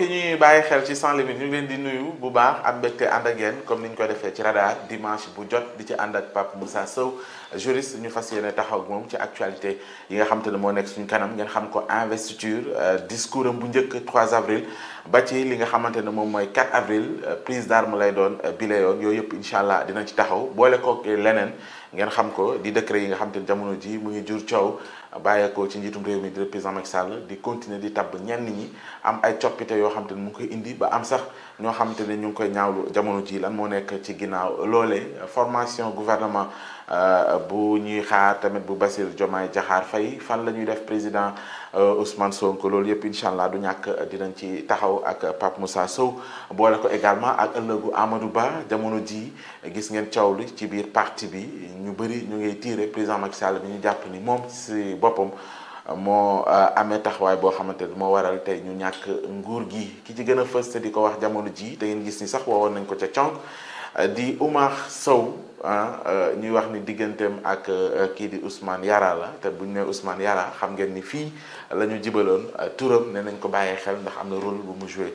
mbokk yi ñuy bàyyi xel ci sans limite ñu ngi leen di nuyu bu baax am mbégte ànd ak comme ni ñu ko defee ci radar dimanche bu jot di ci ànd ak Pape Moussa Sow juriste ñu fas yéene taxaw moom ci actualité yi nga xam ne moo nekk suñu kanam ngeen xam ko investiture euh, discours am bu njëkk 3 avril ba ci li nga xamante ne moom mooy 4 avril euh, prise d'arme lay doon euh, bile yoon yooyu yëpp incha allah dinañ ci taxaw boole kook leneen ngeen xam ko di décret yi nga xam te ne jamono ji mu ngi jur coow. bàyyeekoo ci njiitum réew mi di le président Macky di continuer di tabb ñenn ñi am ay coppite yoo xam te ne mu ngi koy indi ba am sax ñoo xam te ne ñu ngi koy ñaawlu jamono ji lan moo nekk ci ginnaaw loole formation gouvernement euh, bu ñuy xaar tamit bu Bassirou Diomaye Diakhar Faye fan la ñuy def président Euh, Ousmane Sonko loolu yëpp incha allah du ñàkk euh, dinañ ci taxaw ak euh, Pape mussa Sow boole ko également ak ëllëgu Amadou Ba jamono ji gis ngeen coow li ci biir parti bi ñu bëri ñu ngay tiire président Macky Sall bi ñu jàpp ni moom si boppam moo amee taxawaay boo xamante ni moo waral tey ñu ñàkk nguur gi ki ci gën a fës te di ko wax jamono ji te ngeen gis ni sax woowoon nañ ko ca cong di Oumar Sow ah euh, ñuy wax ni digganteem ak euh, kii di Ousmane Yara la te bu ñu nee Ousmane Yara xam ngeen ni fii la ñu jibaloon euh, turam ne nañ ko bàyyee xel ndax am na rôle bu mu joué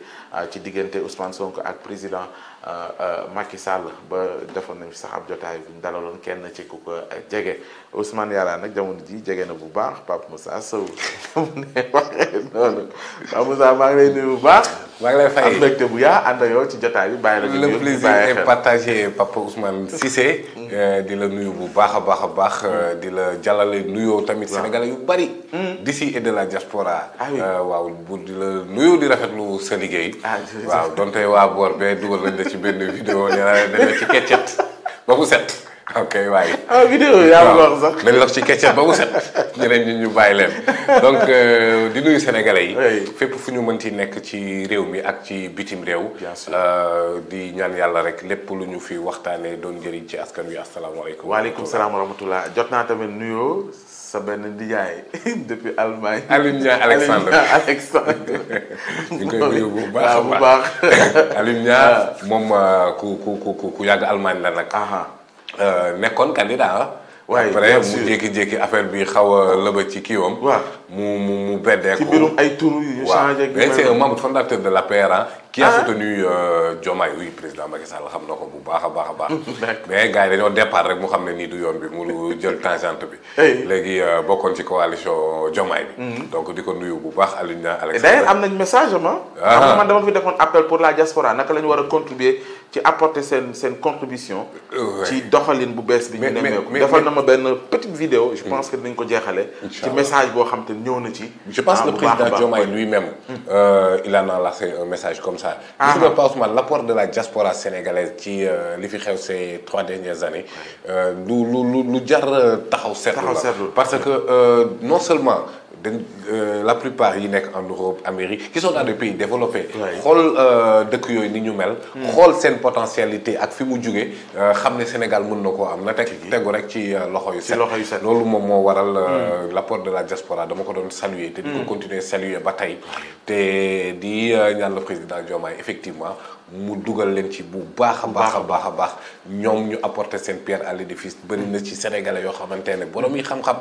ci diggante Ousmane Sonko ak président Euh, euh, Macky Sall ba defoon nañu sax ab jotaay bu ñu dalaloon kenn ci ku ko jege Ousmane Yàlla nag jamono ji jege na bu baax Pape Moussa Sow mu saa waxee noonu Pape Moussa maa ngi lay nuyu bu baax. maa ngi lay fay am mbégte bu yaa ànd yow ci jotaay bi bàyyi la ñu. le plaisir est partagé Papa Ousmane mm-hmm. Cissé. Euh, di la nuyu bu baax a baax a baax. Mm-hmm. di la jàllale nuyoo tamit. sénégalais yu bari. Mm-hmm. d'ici et de la diaspora. Ah waaw bu di la nuyoo di rafet rafetlu sa liggéey. Ah, waaw donte waa boor bee dugal nañ la ci. ci benn vidéo nee naa leen ci keccet ba mu set ok waaye. ah yaa ngi wax sax. nañ ci keccet ba mu set. ñeneen ñi ñu bàyyi leen donc euh, di nuyu sénégalais yi. fépp fu ñu mënti nekk ci réew mi ak ci bitim réew. Euh, di ñaan yàlla rek lépp lu ñu fi waxtaanee doon njëriñ ci askan wi asalaamaaleykum. waaleykum salaam wa rahmatullah jot naa tamit nuyoo sa benn ndijaay depuis Allemagne. Alioune Niang Alexandre moom ku ku ku ku yàgg Allemagne la nag. Euh, nekkoon candidat ah. waaye après mu jékki-jékki affaire bi xaw a lëba ci kiiwam. mu mu mu beddeeku ci mbirum ay tur yu ñu changé. mais c'est un membre fondateur de l'APR qui a ah. soutenu euh, Diomaye oui président Macky Sall xam na ko bu baax a baax a baax. mais gars yi dañoo départ rek mu xam ne nii du yoon bi mu jël tangente bi. léegi euh, bokkoon ci coalition Diomaye bi. Mhm. donc di ko nuyu bu baax Alioune Alexandre. Eh d'ailleurs am nañ message ma. Ah. xam man dama fi defoon appel pour la diaspora naka la ñu war a contribuer ci apporter seen seen contribution. Euh, ci doxalin bu bees bi. ñu nemmeeku defal na ma benn petite vidéo je mm. ko jeexale boo xam ñëw na ci. je pense ah, que le président Diomaye lui-même. Hmm. Euh, il en a lancé un message comme ça. Ah, ah. gis nga Pape Ousmane l'apport de la diaspora sénégalaise ci euh, li fi xew ces trois dernières années. Euh, lu lu lu jar euh, taxaw seetlu la parce que non seulement. Euh, la plupart yi nekk en Europe Amérique qui sont dans des pays développés. xool euh, dëkk yooyu ni ñu mel. Hmm. xool seen potentialité ak fi mu jugee euh, xam ne Sénégal mën na koo am na teg tegu rek ci loxo yu set. yu set loolu moom moo waral. Hmm. l'apport de la diaspora dama ko doon saluer. te di ko hmm. ba tey. te di ñaan la président Diomaye effectivement. mu dugal leen ci bu baax a baax a baax a baax ñoom ñu apporter seen pierre à l'édifice bëri na ci sénégalais yoo xamante ne borom yi xam-xam.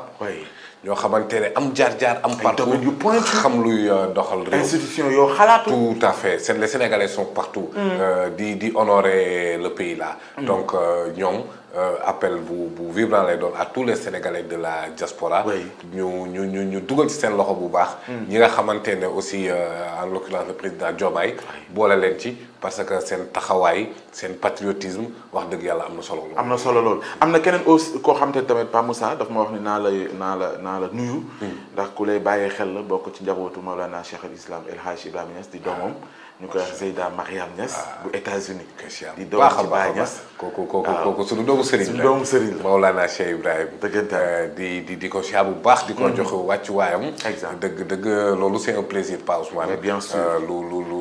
ñoo xamante ne am jaar-jaar am. partout yu pointu xam luy euh, doxal réew. institution yoo xalaatu. tout à fait les Sénégalais sont partout. Mm. Euh, di di honorer le pays la mm. donc euh, ñoom. Euh, appel bu bu vibrant lay doon à tous les sénégalais de la diaspora ñu ñu ñu ñu dugal ci seen loxo bu baax hmm. ñi nga xamante ne aussi euh, en l'occurrence le président Diomaye boole leen ci parce que seen taxawaay seen patriotisme wax dëgg yàlla am na solo am na solo lool am na keneen aussi koo xam te tamit Pa Moussa daf ma wax ni naa la naa la naa la nuyu hmm. ndax ku lay bàyyee xel la bokk ci la naa Cheikh al Islam El Hadj Ibrahima Niass di doomam ah. ñu ko wax Zeyda Mariam Niass. bu ah. États-Unis di doom ci Baay Niass kooku ko kooku ah. suñu doomu Serigne la suñu doomu Serigne la Maolana Cheikh Ibrahima. dëggantaan euh, di di di ko siyaa bu baax. di ko mm-hmm. jox wàccuwaayam. exemple dëgg dëgg loolu c'est un plaisir Pa Ousmane. Euh, lu lu lu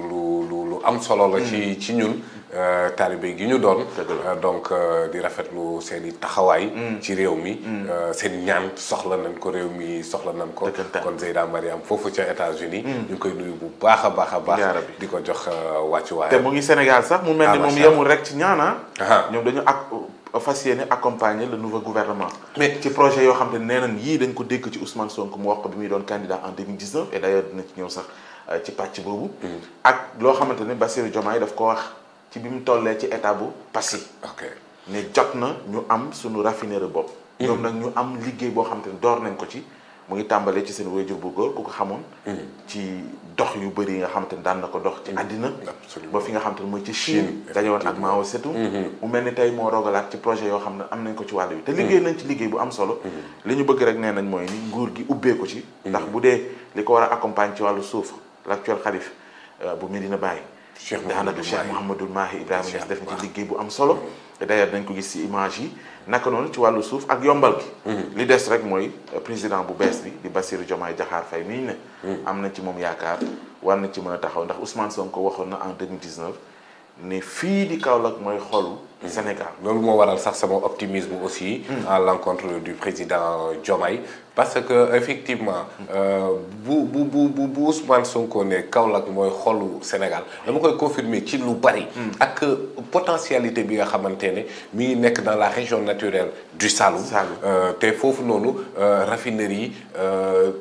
lu lu am solo la. Mm-hmm. ci ci ñun. Mm-hmm. Euh, taalibe gi ñu doon euh, donc euh, di rafetlu seen i taxawaay mm. ci réew mi mm. seen ñaan soxla nañ ko réew mi soxla nañ ko kon Zeyda Mariam foofu ci États-Unis mm. ñu koy nuyu bu baax a baax a baax di ko jox wàccuwaay te mu ngi Sénégal sax mu mel ni moom yemul rek ci ñaana ah. ñoom dañu ak fas yéene accompagner le nouveau gouvernement. mais ci projet yoo xam ne nee nañ yii dañ ko dégg ci Ousmane Sonko mu wax ko bi muy doon candidat en 2019 et d' ailleurs dina ci ñëw sax ci pàcc boobu. ak loo xamante ne Bassirou Diomaye daf ko wax. ci bi mu tollee ci état bu Passy. ok ne jot na ñu am suñu raffinerie bopp. ñoom mm-hmm. nag ñu am liggéey boo xam te ne door nañ ko ci. mu ngi tàmbalee ci seen wéyjur bu góor ku ko xamoon. Mm-hmm. ci dox yu bëri yi nga xam ne daan na ko dox ci mm-hmm. àddina. boo fi nga xamante ne mooy ci Chine. daje woon ak Mao Zedong. mu mel ni tey moo rogalaat ci projet yoo xam ne am nañ ko ci wàll bi te liggéey nañ ci liggéey bu am solo. li ñu bëgg rek nee nañ mooy ni nguur gi ubbee ko ci. ndax bu dee li ko war a accompagne ci wàllu suuf l'actuel xalif euh, bu Medina Baye. Cheikh Mouhamadou Cheikh Mouhamadou Mahi Ibrahima Niass def na ci liggéey bu am solo d'ailleurs dañ ko gis ci image yi naka noonu ci wàllu suuf ak yombal gi mm-hmm. li des rek mooy euh, président bu bees bi di Bassirou Diomaye Diakhar Faye mi ne mm-hmm. am na ci moom yaakaar war na ci mën a taxaw ndax Ousmane Sonko waxoon na en 2019 ne fii di Kaolack mooy xolu Sénégal loolu moo waral sax sama optimisme aussi hmm. à l'encontre du président jomay parce que effectivement euh, bu bu bu bu bu Ousmane Sonko ne Kaolack mooy xolu Sénégal dama koy confirmer ci lu bari hmm. ak potentialité bi nga xamante ne mi ngi nekk dans la région naturelle du Saloum euh, te foofu noonu euh, raffinerie yi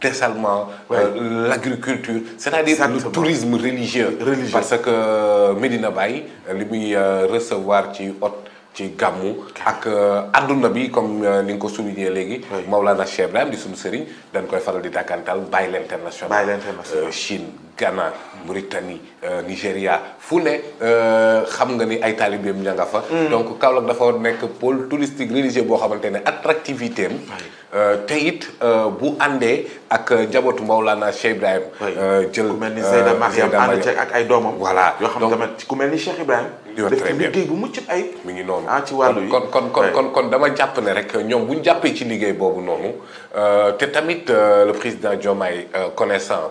te ouais. euh, l'agriculture c'est-à-dire Exactement. le tourisme religieux, religieux. parce que euh, Medina Baye euh, li muy euh, recevoir ci hôte ci gàmmu ak adduna bi comme ni nga ko souligné léegi Maulana Cheikh Ibrahim di suñu sëriñ dañ koy faral di dàkkantal Baye l'international Baye l'international Chine Ghana Mauritanie euh, Nigéria fu ne euh, xam nga ni ay taalibeem ña nga fa. Mm. donc Kaolack dafa nekk pôle touristique religieux boo xamante ne attractivité am. Euh, te it bu àndee ak njabootu Mawlana Cheikh Ibrahim. jël ku mel ni Seyda Mariam ànd ceeg ak ay doomam. ku mel ni Cheikh Ibrahim. def ci liggéey bu mucc ay mi ngi noonu ah ci wàllu yi kon kon kon kon kon dama jàpp ne rek ñoom bu ñu ci liggéey boobu noonu te tamit le président Diomaye connaissant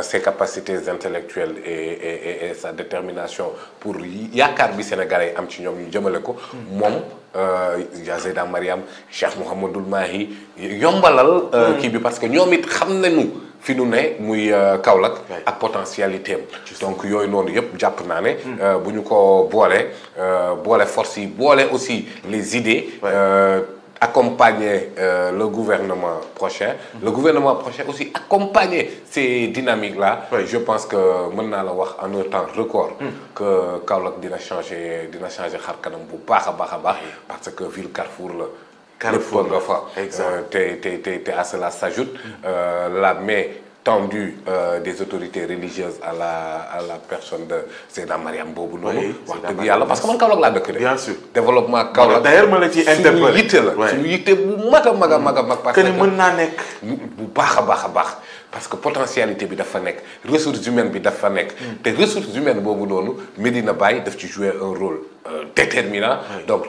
ses capacités intellectuelles et et, et, et sa détermination pour yaakaar bi Sénégalais am ci ñoom ñu jëmale ko moom Ya euh, Zeyda Mariam Cheikh Mouhamadul Mahi yombalal euh, hmm. kii bi parce que ñoom it xam nañu fi nu ne muy euh, Kaolack ak potentialité am donc yooyu noonu yëpp jàpp naa ne hmm. bu ñu ko boole boole force yi boole aussi les idées accompagner euh, le gouvernement prochain. Mhm. Le gouvernement prochain aussi accompagner ces dynamiques la Je pense que mën naa la wax en un temps record. Mmh. que Kaolack dina changer dina changer xar kanam bu baax a baax a baax. parce que ville Carrefour la. Carrefour nga fa. exact euh, te te te à cela s'ajoute hmm. euh, la mais tendu euh, des autorités religieuses à la à la personne de Seyda Mariam boobu. noonu wax dëgg yàlla parce que man Kaolack laa dëkk de. bien sûr développement Kaolack. d'ailleurs ma la ciy interpellé suñu yitte la. suñu yitte bu mag a maga maga mag a mag. parce que mën naa nekk. bu baax a baax a baax. parce que potentialité bi dafa nekk ressource humaine bi dafa nekk. Mm. te ressource humaine boobu noonu Medina Baye daf ci jouer un rôle euh, déterminant.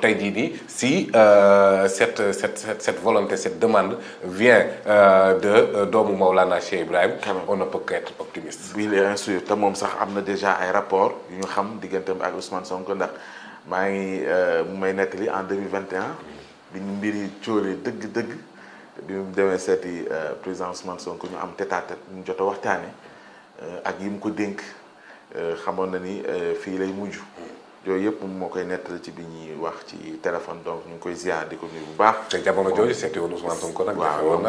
tey jii nii si euh, cette cette cette volonté cette demande vient euh, de doomu Maulana Cheikh Ibrahim. on ne peut qu'être optimiste. bii la insuire te moom sax am na déjà ay rapport yu ñu xam digganteem ak Ousmane Sonko ndax maa ngi mu may nettali en 2021. bi ñu mbiri cooree dëgg-dëgg. bi mu demee seeti euh, président Ousmane Sonko ñu am tête à ñu jot a waxtaane euh, ak yi mu ko dénk euh, xamoon na ni fii lay mujj yooyu yëpp moom moo koy nettali ci bi ñuy wax ci téléphone donc ñu koy ziar di ko nuyu bu baax. te jamono jooju seeti woon Ousmane Sonko nag. waaw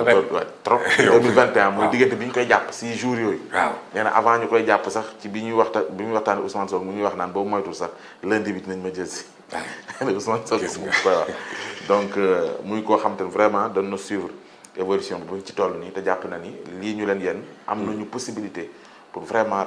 diggante bi ñu koy jàpp si jours yooyu. waaw nee na avant ñu koy jàpp sax ci bi ñuy waxta bi ñuy waxtaanee Ousmane Sonko mu ñuy wax naan boobu moytul sax lundi bi dinañ ma jël si. Ousmane Sonko waaw donc euh, muy koo xam te ne vraiment dañ na suivre évolution bu buñ ci toll nii te jàpp na ni lii ñu leen yenn am mm. nañu possibilité pour vraiment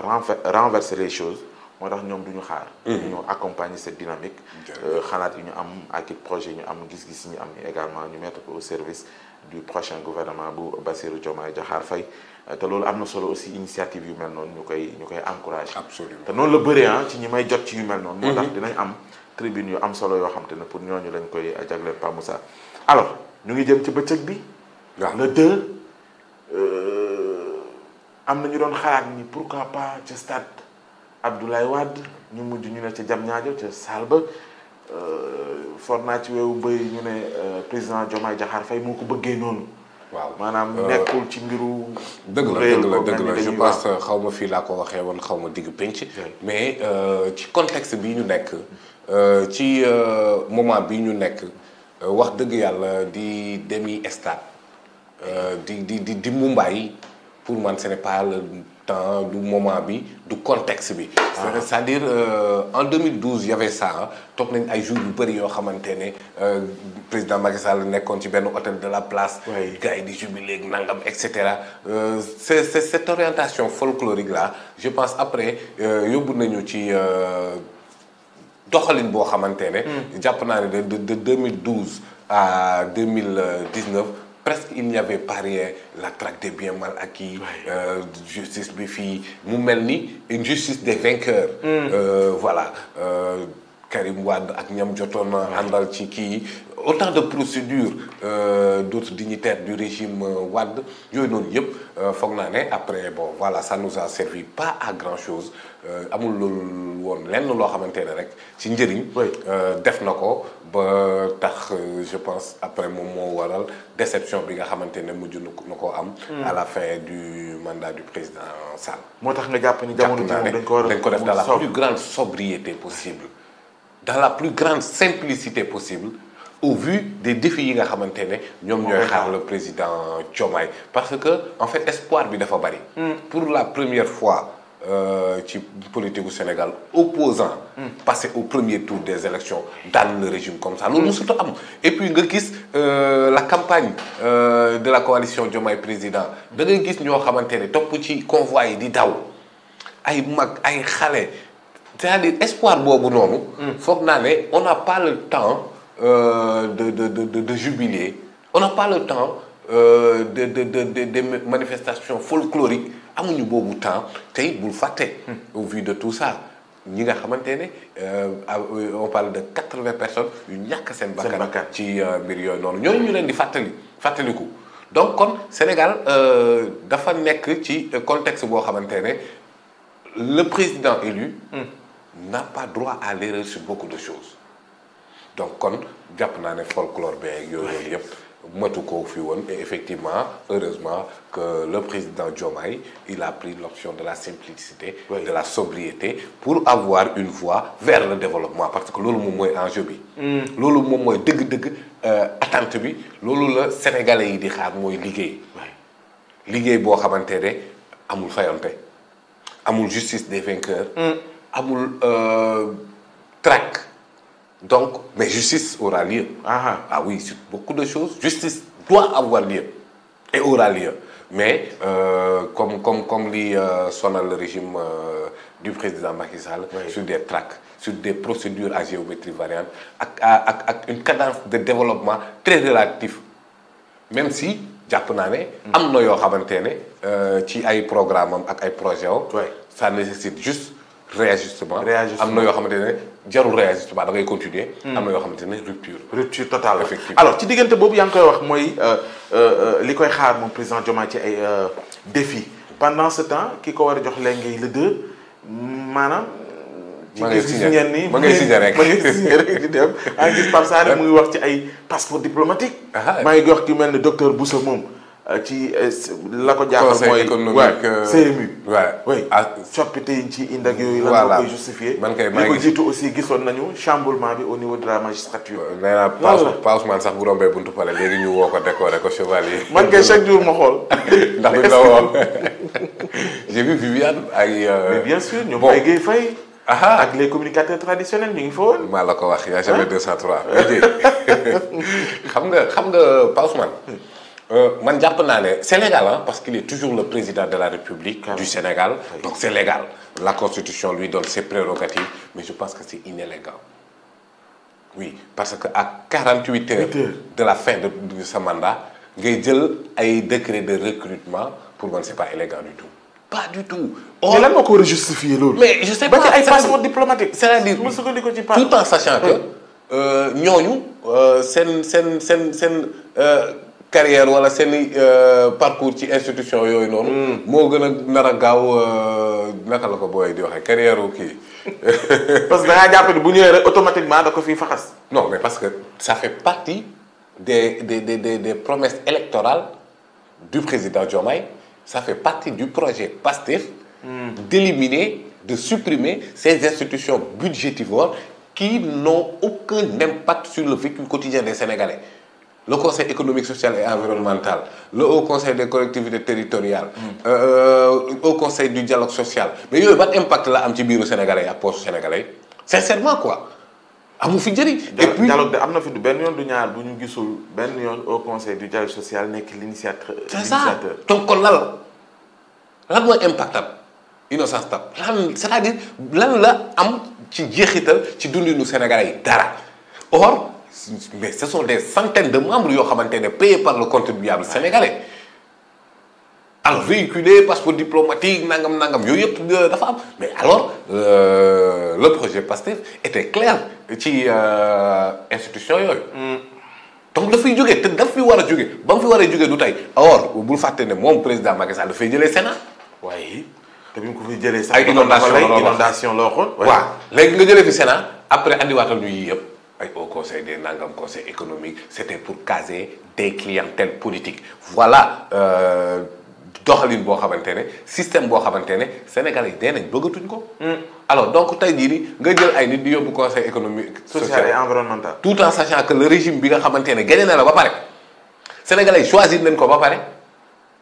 renverser les choses moo tax ñoom du ñu xaar mm. ñu accompagner cette dynamique euh, xalaat yu ñu am ak i projet yi ñu am gis-gis yi ñu am également ñu mettre ko au service du prochain gouvernement bu Bassirou Diomaye Diakhar fay euh, te loolu am na solo aussi initiative yu mel noonu ñu koy ñu koy encourager absolument te noonu la bëree ah ci ñi may jot ci yu mel noonu moo mm-hmm. tax am tribune yu am solo yoo xam te ne pour ñoo ñu lañ koy eh, jagleel Pa Moussa alors ñu ngi jëm ci bëccëg bi. la le deux euh, am na ñu doon xalaat ni pour pourquoi pas ca stade Abdoulaye Wade ñu mujj ñu ne ca Diamniadio ca salle ba euh, for naa ci weewu mbay ñu ne euh, président jomaa Diakhar fay moo ko bëggee noonu. waaw maanaam nekkul ci mbiru. dëgg la dëgg la dëgg la je pense xaw ma fii laa ko waxee woon xaw ma digg pénc. mais ci contexte bii ñu nekk. Euh, ci euh, moment bi ñu nekk euh, wax dëgg yàlla di demi stade di di di di Mumbai pour man ce n'est pas du moment bi du contexte bi. Ah. c'est-à-dire en 2012 y avait ça toog nañ ay jours yu bëri yoo xamante ne président Macky Sall nekkoon ci benn hôtel de la place. gars yi di jubilé ak nangam et cetera. c'est c'est cette orientation folklorique là je pense après yóbbu nañu ci. doxalin boo xamante ne. Hmm. jàpp naa ne de de 2012 à 2019 presque il n'y avait pas rien la traque des biens mal acquis. Euh, justice bi fii mu mel ni une justice des vainqueurs. Hmm. Euh, voilà. Euh, Karim Wade ak ñam jotoon àndal ci kii autant de procédures euh, d'autres dignitaires du régime euh, Wade yooyu noonu yëpp euh, foog naa ne après bon voilà ça nous a servi pas à grand chose amul loolu woon lenn loo xamante ne rek ci njëriñ. def na ko ba tax je pense après moom moo waral déception bi nga xamante ne mujj na ko am. Hmm. à la fin du mandat du président Sall. moo tax nga jàpp ni jamono ji dañ ko war a dañ ko def dans la plus grande sobriété possible. dans la plus grande simplicité possible au vu des défis yi nga xamante ne ñoom ñooy le président Diomaye parce que en fait espoir bi dafa bari hmm. pour la première fois euh, ci politique gu Sénégal opposant hmm. passé au premier tour des élections daan le régime comme ça am et puis nga gis euh, la campagne euh, de la coalition Diomaye président da gis ñoo xamante ne topp ci convoi yi di daw ay mag ay xale c'est-à-dire espoir boobu noonu. Hmm. foog naa ne on n'a pas le temps euh, de de de de jubiler on n'a pas le temps euh, de de de de de manifestations folkloriques amuñu boobu temps tey bul fàtte. Hmm. au vie de tout ça ñi nga xamante ne euh, euh, on parle de quatre-vingts personnes yu ñàkk seen. seen bakkan ci mbir yooyu noonu ñooñu ñu leen di fàttali fàttaliku. donc kon Sénégal dafa nekk ci contexte boo xamante ne le président élu. Mm. n'a pas droit à l'erreur sur beaucoup de choses donc kon jàpp naa ne folklore beeg yooyu yëpp matu ko fi woon et effectivement heureusement que le président Diomaye il a pris l'option de la simplicité oui. de la sobriété pour avoir une voie vers le développement parce que loolu moom mooy enjeu bi mm. loolu moom mooy dëgg-dëgg euh, attente bi loolu la sénégalais yi di xaar mooy liggéey liggéey boo xamante ne amul fayante amul justice des vainqueurs mm. amul euh, track donc mais justice aura lieu. ah ah oui sur beaucoup de choses justice doit avoir lieu et aura mais euh, comme comme comme li euh, sonal le régime euh, du président Macky Sall. Oui. sur des tracts sur des procédures à géométrie variable ak ak ak une cadence de développement très relative même si jàpp naa ne. am na yoo xamante ne euh, ci ay programme am ak ay projet am. ça nécessite juste. réajustement am na yoo xamante ne jarul réajustement da continuer hmm. am na yoo xamante ne rupture rupture totale effectivement alors ci diggante boobu yaa ngi koy wax mooy euh, euh, euh, li koy xaar moom président jomaa ci ay défi pendant ce temps ki ko war a jox léegi le deux maanaam ma ngay signé ñenn ma ngay signé rek ma ngay signé rek di dem maa ngi gis Pape mu ngi wax ci ay passeport diplomatique ah, ah. maa ngi wax ki mel ne docteur Bousso moom ci euh, la ko jaaxal mooy économique euh, CMU oui ah, coppite yi ci indi ak yooyu la koy justifié man kay maa ngi ko jiitu aussi gisoon nañu chamboulement bi au niveau de la magistrature euh, nee naa Pa ko décoré ko chevalier man kay chaque jour ma xool ndax duñ la woo j'ai vu Viviane ay bien sûr ñu Mbaye Guèye Faye ak les communicateurs traditionnels ñu ngi fa maa la ko wax yaa jamais 203 xam nga xam nga Pa Euh, man jàpp naa ne Sénégal ah parce qu'il est toujours le président de la République ah. du Sénégal donc c'est légal la constitution lui donne ses prérogatives mais je pense que c'est inélégant oui parce que à 48 heures de la fin de, sa mandat gay jël ay décret de recrutement pour man c'est pas élégant du tout pas du tout. or oh. lan moo ko war a justifier loolu. mais je sais pas cest à carrière wala seen i euh, parcours ci institution yooyu noonu. Hmm. moo gën a nar a gaaw euh, naka la ko booy di waxee carrière wu kii. parce que da ngaa bu ñëwee rek automatiquement da ko fii faxas. non mais parce que ça fait partie des des des des, des promesses électorales du président Diomaye ça fait partie du projet PASTEF. Mm. d'éliminer de supprimer ces institutions budgétivores qui n'ont aucun impact sur le vécu quotidien des Sénégalais. le conseil économique social et environnemental le haut conseil des collectivités territoriales. Mm. Euh, euh conseil du dialogue social. mais yooyu ban impact la am ci biiru sénégalais ak poche sénégalais sincèrement quoi amu fi njëriñ. et puis dialogue de am na fi du benn yoon du ñaar bu ñu gisul benn yoon au conseil du dialogue social nekk l'initiateur. c'est ça donc kon mooy impact am innocence tam lan c'est-à-dire lan la am ci jéexital ci dundinu sénégalais mais ce sont des centaines de membres yoo xamante ne payés par le contribuable sénégalais alors véhiculé passeport diplomatique nangam nangam yooyu yëpp euh, dafa am mais alors euh, le projet PASTEF était clair ci euh, institution yooyu. Mm. donc dafay jógee te daf fi war a jóge ba mu fi war a jógee du tey or bul fàtte ne moom président Macky Sall dafay jëlee Sénat waaye. te bi mu ko fi jëlee. ay inondation la waxoon ay inondation la waxoon. waaw léegi nga jëlee fi Sénat après andiwaatal ñu yii yëpp. ay au conseil des nangam conseil économique c'était pour caser des clientèles politiques voilà euh, doxalin boo xamante ne système boo xamante ne Sénégal yi dee nañ bëggatuñ ko. Hmm. alors donc tey jii nii nga jël ay nit di yóbbu conseil économique. social et environnemental. tout en sa que le régime bi nga xamante ne gagné na la ba pare sénégalais yi choisir nañ ko ba pare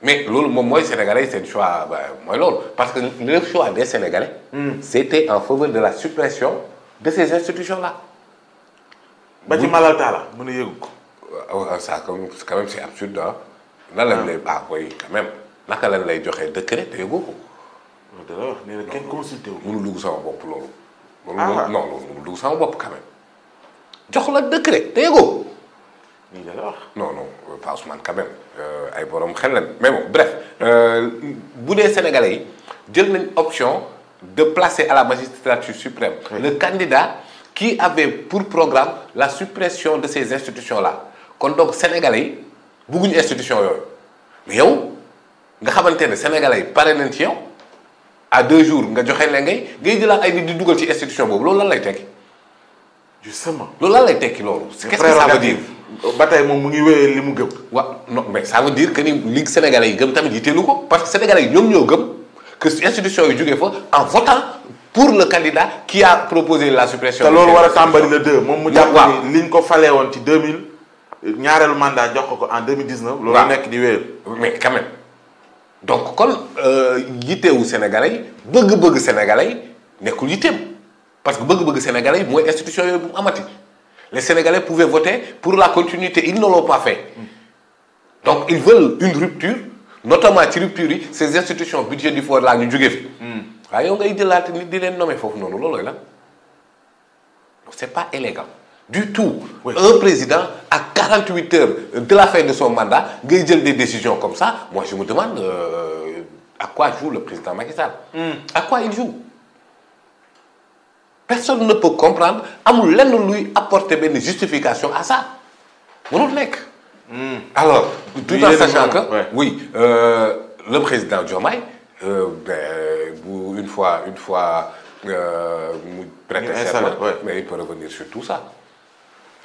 mais loolu moom mooy sénégalais seen ba mooy loolu parce que le choix des sénégalais. Hmm. c'était en faveur de la suppression ba ci Malal Talla mën a yëgu ko. waaw ça quand même c'est absurde ah. nan lañ lay baax ah, koy quand naka lañ lay joxee décret te yëgoo ko. dara wax nee na kenn consulté wu. mënul dugg sama bopp loolu. ah non loolu mënul dugg sama bopp quand jox la décret te yëgoo. lii dala wax. non euh, euh, ay borom xel lañ mais bon euh, bu dee sénégalais yi jël nañ option de placer à la magistrature suprême. le candidat. qui avait pour programme la suppression de ces institutions-là kon donc sénégalais yi bugguñu institution yooyu mais yow nga xamante ne sénégalais yi pare nañ ci yow à deux jours nga joxe leen ngay ngay jëlaat ay nit di dugal ci institution boobu loolu lan lay tekki. justement loolu lan lay tekki loolu. qu'est-ce que ça moom mu ngi wéyee li mu gëm. wa non mais ça veut que ni ligue sénégalais yi gëm tamit yitteelu ko parce que sénégalais yi ñoom ñoo gëm que institution yi jógee fa en votant. pour le candidat qui a proposé la suppression. te loolu war a tàmbali le 2 moom mu jàpp ni liñ ko falee woon ci mille ñaareelu mandat jox ko ko en deux 2019. waaw loolu nekk di wéer. mais quand même donc kon euh, yitteewu sénégalais yi bëgg-bëgg sénégalais yi nekkul yitteem parce que bëgg-bëgg sénégalais yi mooy institution yooyu bu mu amati les sénégalais pouvaient voter pour la continuité ils ne l'ont pas fait donc ils veulent une rupture notamment ci rupture yi ces institutions budget du fort là ñu waaye yow ngay jëlaat nit di leen nommer foofu noonu loolooy la c'est pas élégant du tout. Oui. un président à 48 heures de la fin de son mandat ngay jël des décision comme ça moi je me demande euh, à quoi joue le président Macky Sall. Mm. à quoi il joue. personne ne peut comprendre amul lenn luy apporter benn justification à ça mënul nekk. Hmm. alors tout en sachant que oui euh, le président Diomaye. Euh, bu une fois une fois euh, mu prêter serment mais il peut revenir sur tout ça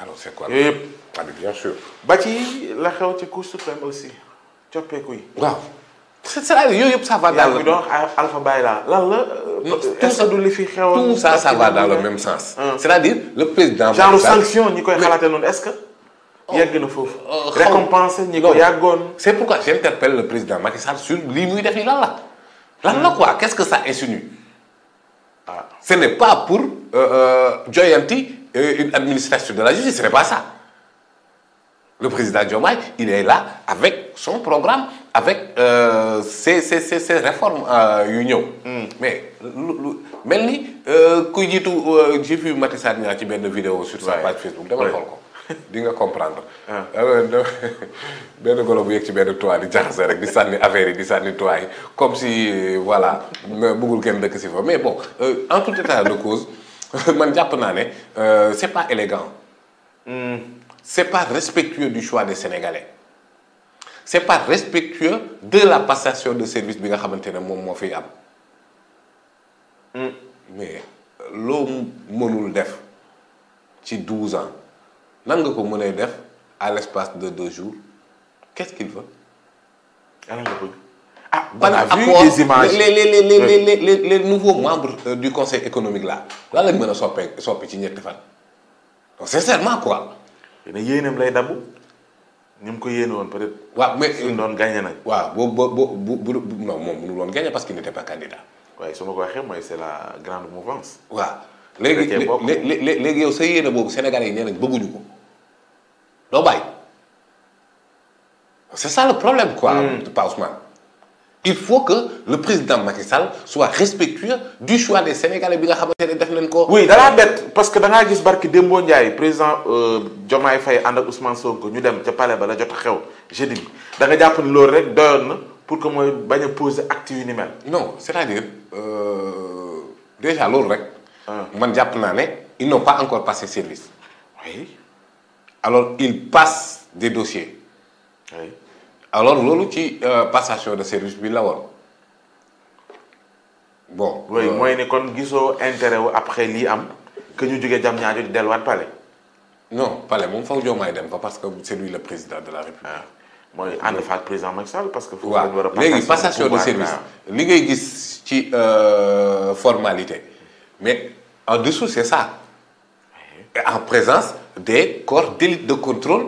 alors c'est quoi yooyu yëpp ah bien sûr ba ci la xew ci Cour suprême aussi coppeeku yi waaw c'est-à-dire yooyu yëpp ça va dans le donc Alpha Bayla lan la. Mm, euh, est-ce que du li fi xewoon tout ça ça va dans le même sens. Ah. c'est-à-dire le président. genre sanction ñi koy xalaatee noonu est-ce que. Oh. yegg na foofu. récompense ñi ko yàggoon. c'est pourquoi j'interpelle le président Macky Sall sur lii muy def a lan la quoi qu'est-ce que ça insinue ah ce n'est pas pour euh, euh, joyanti une administration de la justice ce n'est pas ça le président Diomaye il est là avec son programme avec euh, ses ses ses ses réformes yu ñëw. Hmm. mais lu lu mel ni kuy jiitu j'ai vu Maty Sarr ci benn vidéo sur sa page Facebook. dama di nga comprendre. alors benn golo bu yegg ci benn toit di jaxase rek di sànni affaire yi di sànni toit yi comme si euh, voilà bëggul kenn dëkk si fa mais bon euh, en tout état de man jàpp naa ne euh, c'est pas élégant. Hmm. c'est pas respectueux du choix des Sénégalais. c'est pas respectueux de la passation de service bi nga xamante ne moom moo fiy am. Hmm. mais loo mënul def ci 12 ans. nan nga ko mënee def à l'espace de deux jours qu'est-ce qu'il veut. lan nga bëgg ah. ban apport les les les les les les les nouveaux euh, mën a soppee soppi ci ñetti fan. donc sincèrement quoi. mais lay dabu. ni ko yéene woon peut-être. waaw mais suñu doon gagné boo boo bu bu bu non moom mënul woon gagné parce qu'il n'était pas candidat. waaye su ma ko léegi yow sa yéene boobu Sénégalais yi nee nañ bëgguñu ko. doo bàyyi c'est ça le problème quoi. Hmm. pas Ousmane. il faut que le président Macky Sall soit respectueux du choix des Sénégalais bi nga xamante ne def leen ko. oui da bett parce que danga gis barki Dembo Ndiaye président euh, Diomaye Faye ànd ak Ousmane Sonko ñu dem ca palais ba la jot xew jeudi bi jàpp ni loolu rek doyoon na pour que mooy bañ a poser acte ni mel. non c'est-à-dire euh, déjà loolu rek. Ah. man jàpp naa ne ils n'ont pas encore passé service. oui. alors il passe des dossiers oui. alors loolu ci euh, passation de service bi la woon bon. oui euh, mooy ni kon gisoo intérêt wu après lii am que ñu jógee jam ñaajo di delluwaat palais. non palais moom faw Diomaye dem fa parce que c'est lui le président de la République. Ah, mooy ànd fa ak président Macky Sall parce que. waaw léegi passation de service li ngay gis ci euh, formalité mais en dessous c'est ça. en présence. des corps d'élite de contrôle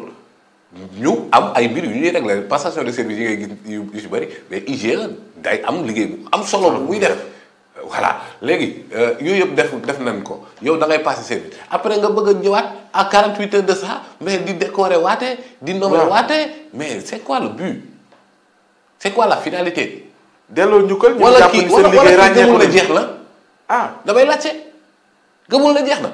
ñu am ay mbir yu ñuy régler passation de service yi ngay gis yu yu bëri mais IGE day am liggéey bu am solo bu muy def. voilà léegi euh, yooyu yëpp def def nañ ko yow da ngay passé service après nga bëgg a ñëwaat à de sa mais di décorer waate di nommer waate mais c'est quoi le but c'est quoi la finalité. delloo ñu ko ñu jàpp ni seen liggéey ràññeeku wala kii gëmul na jeex na. ah damay laajte gëmul na jeex na.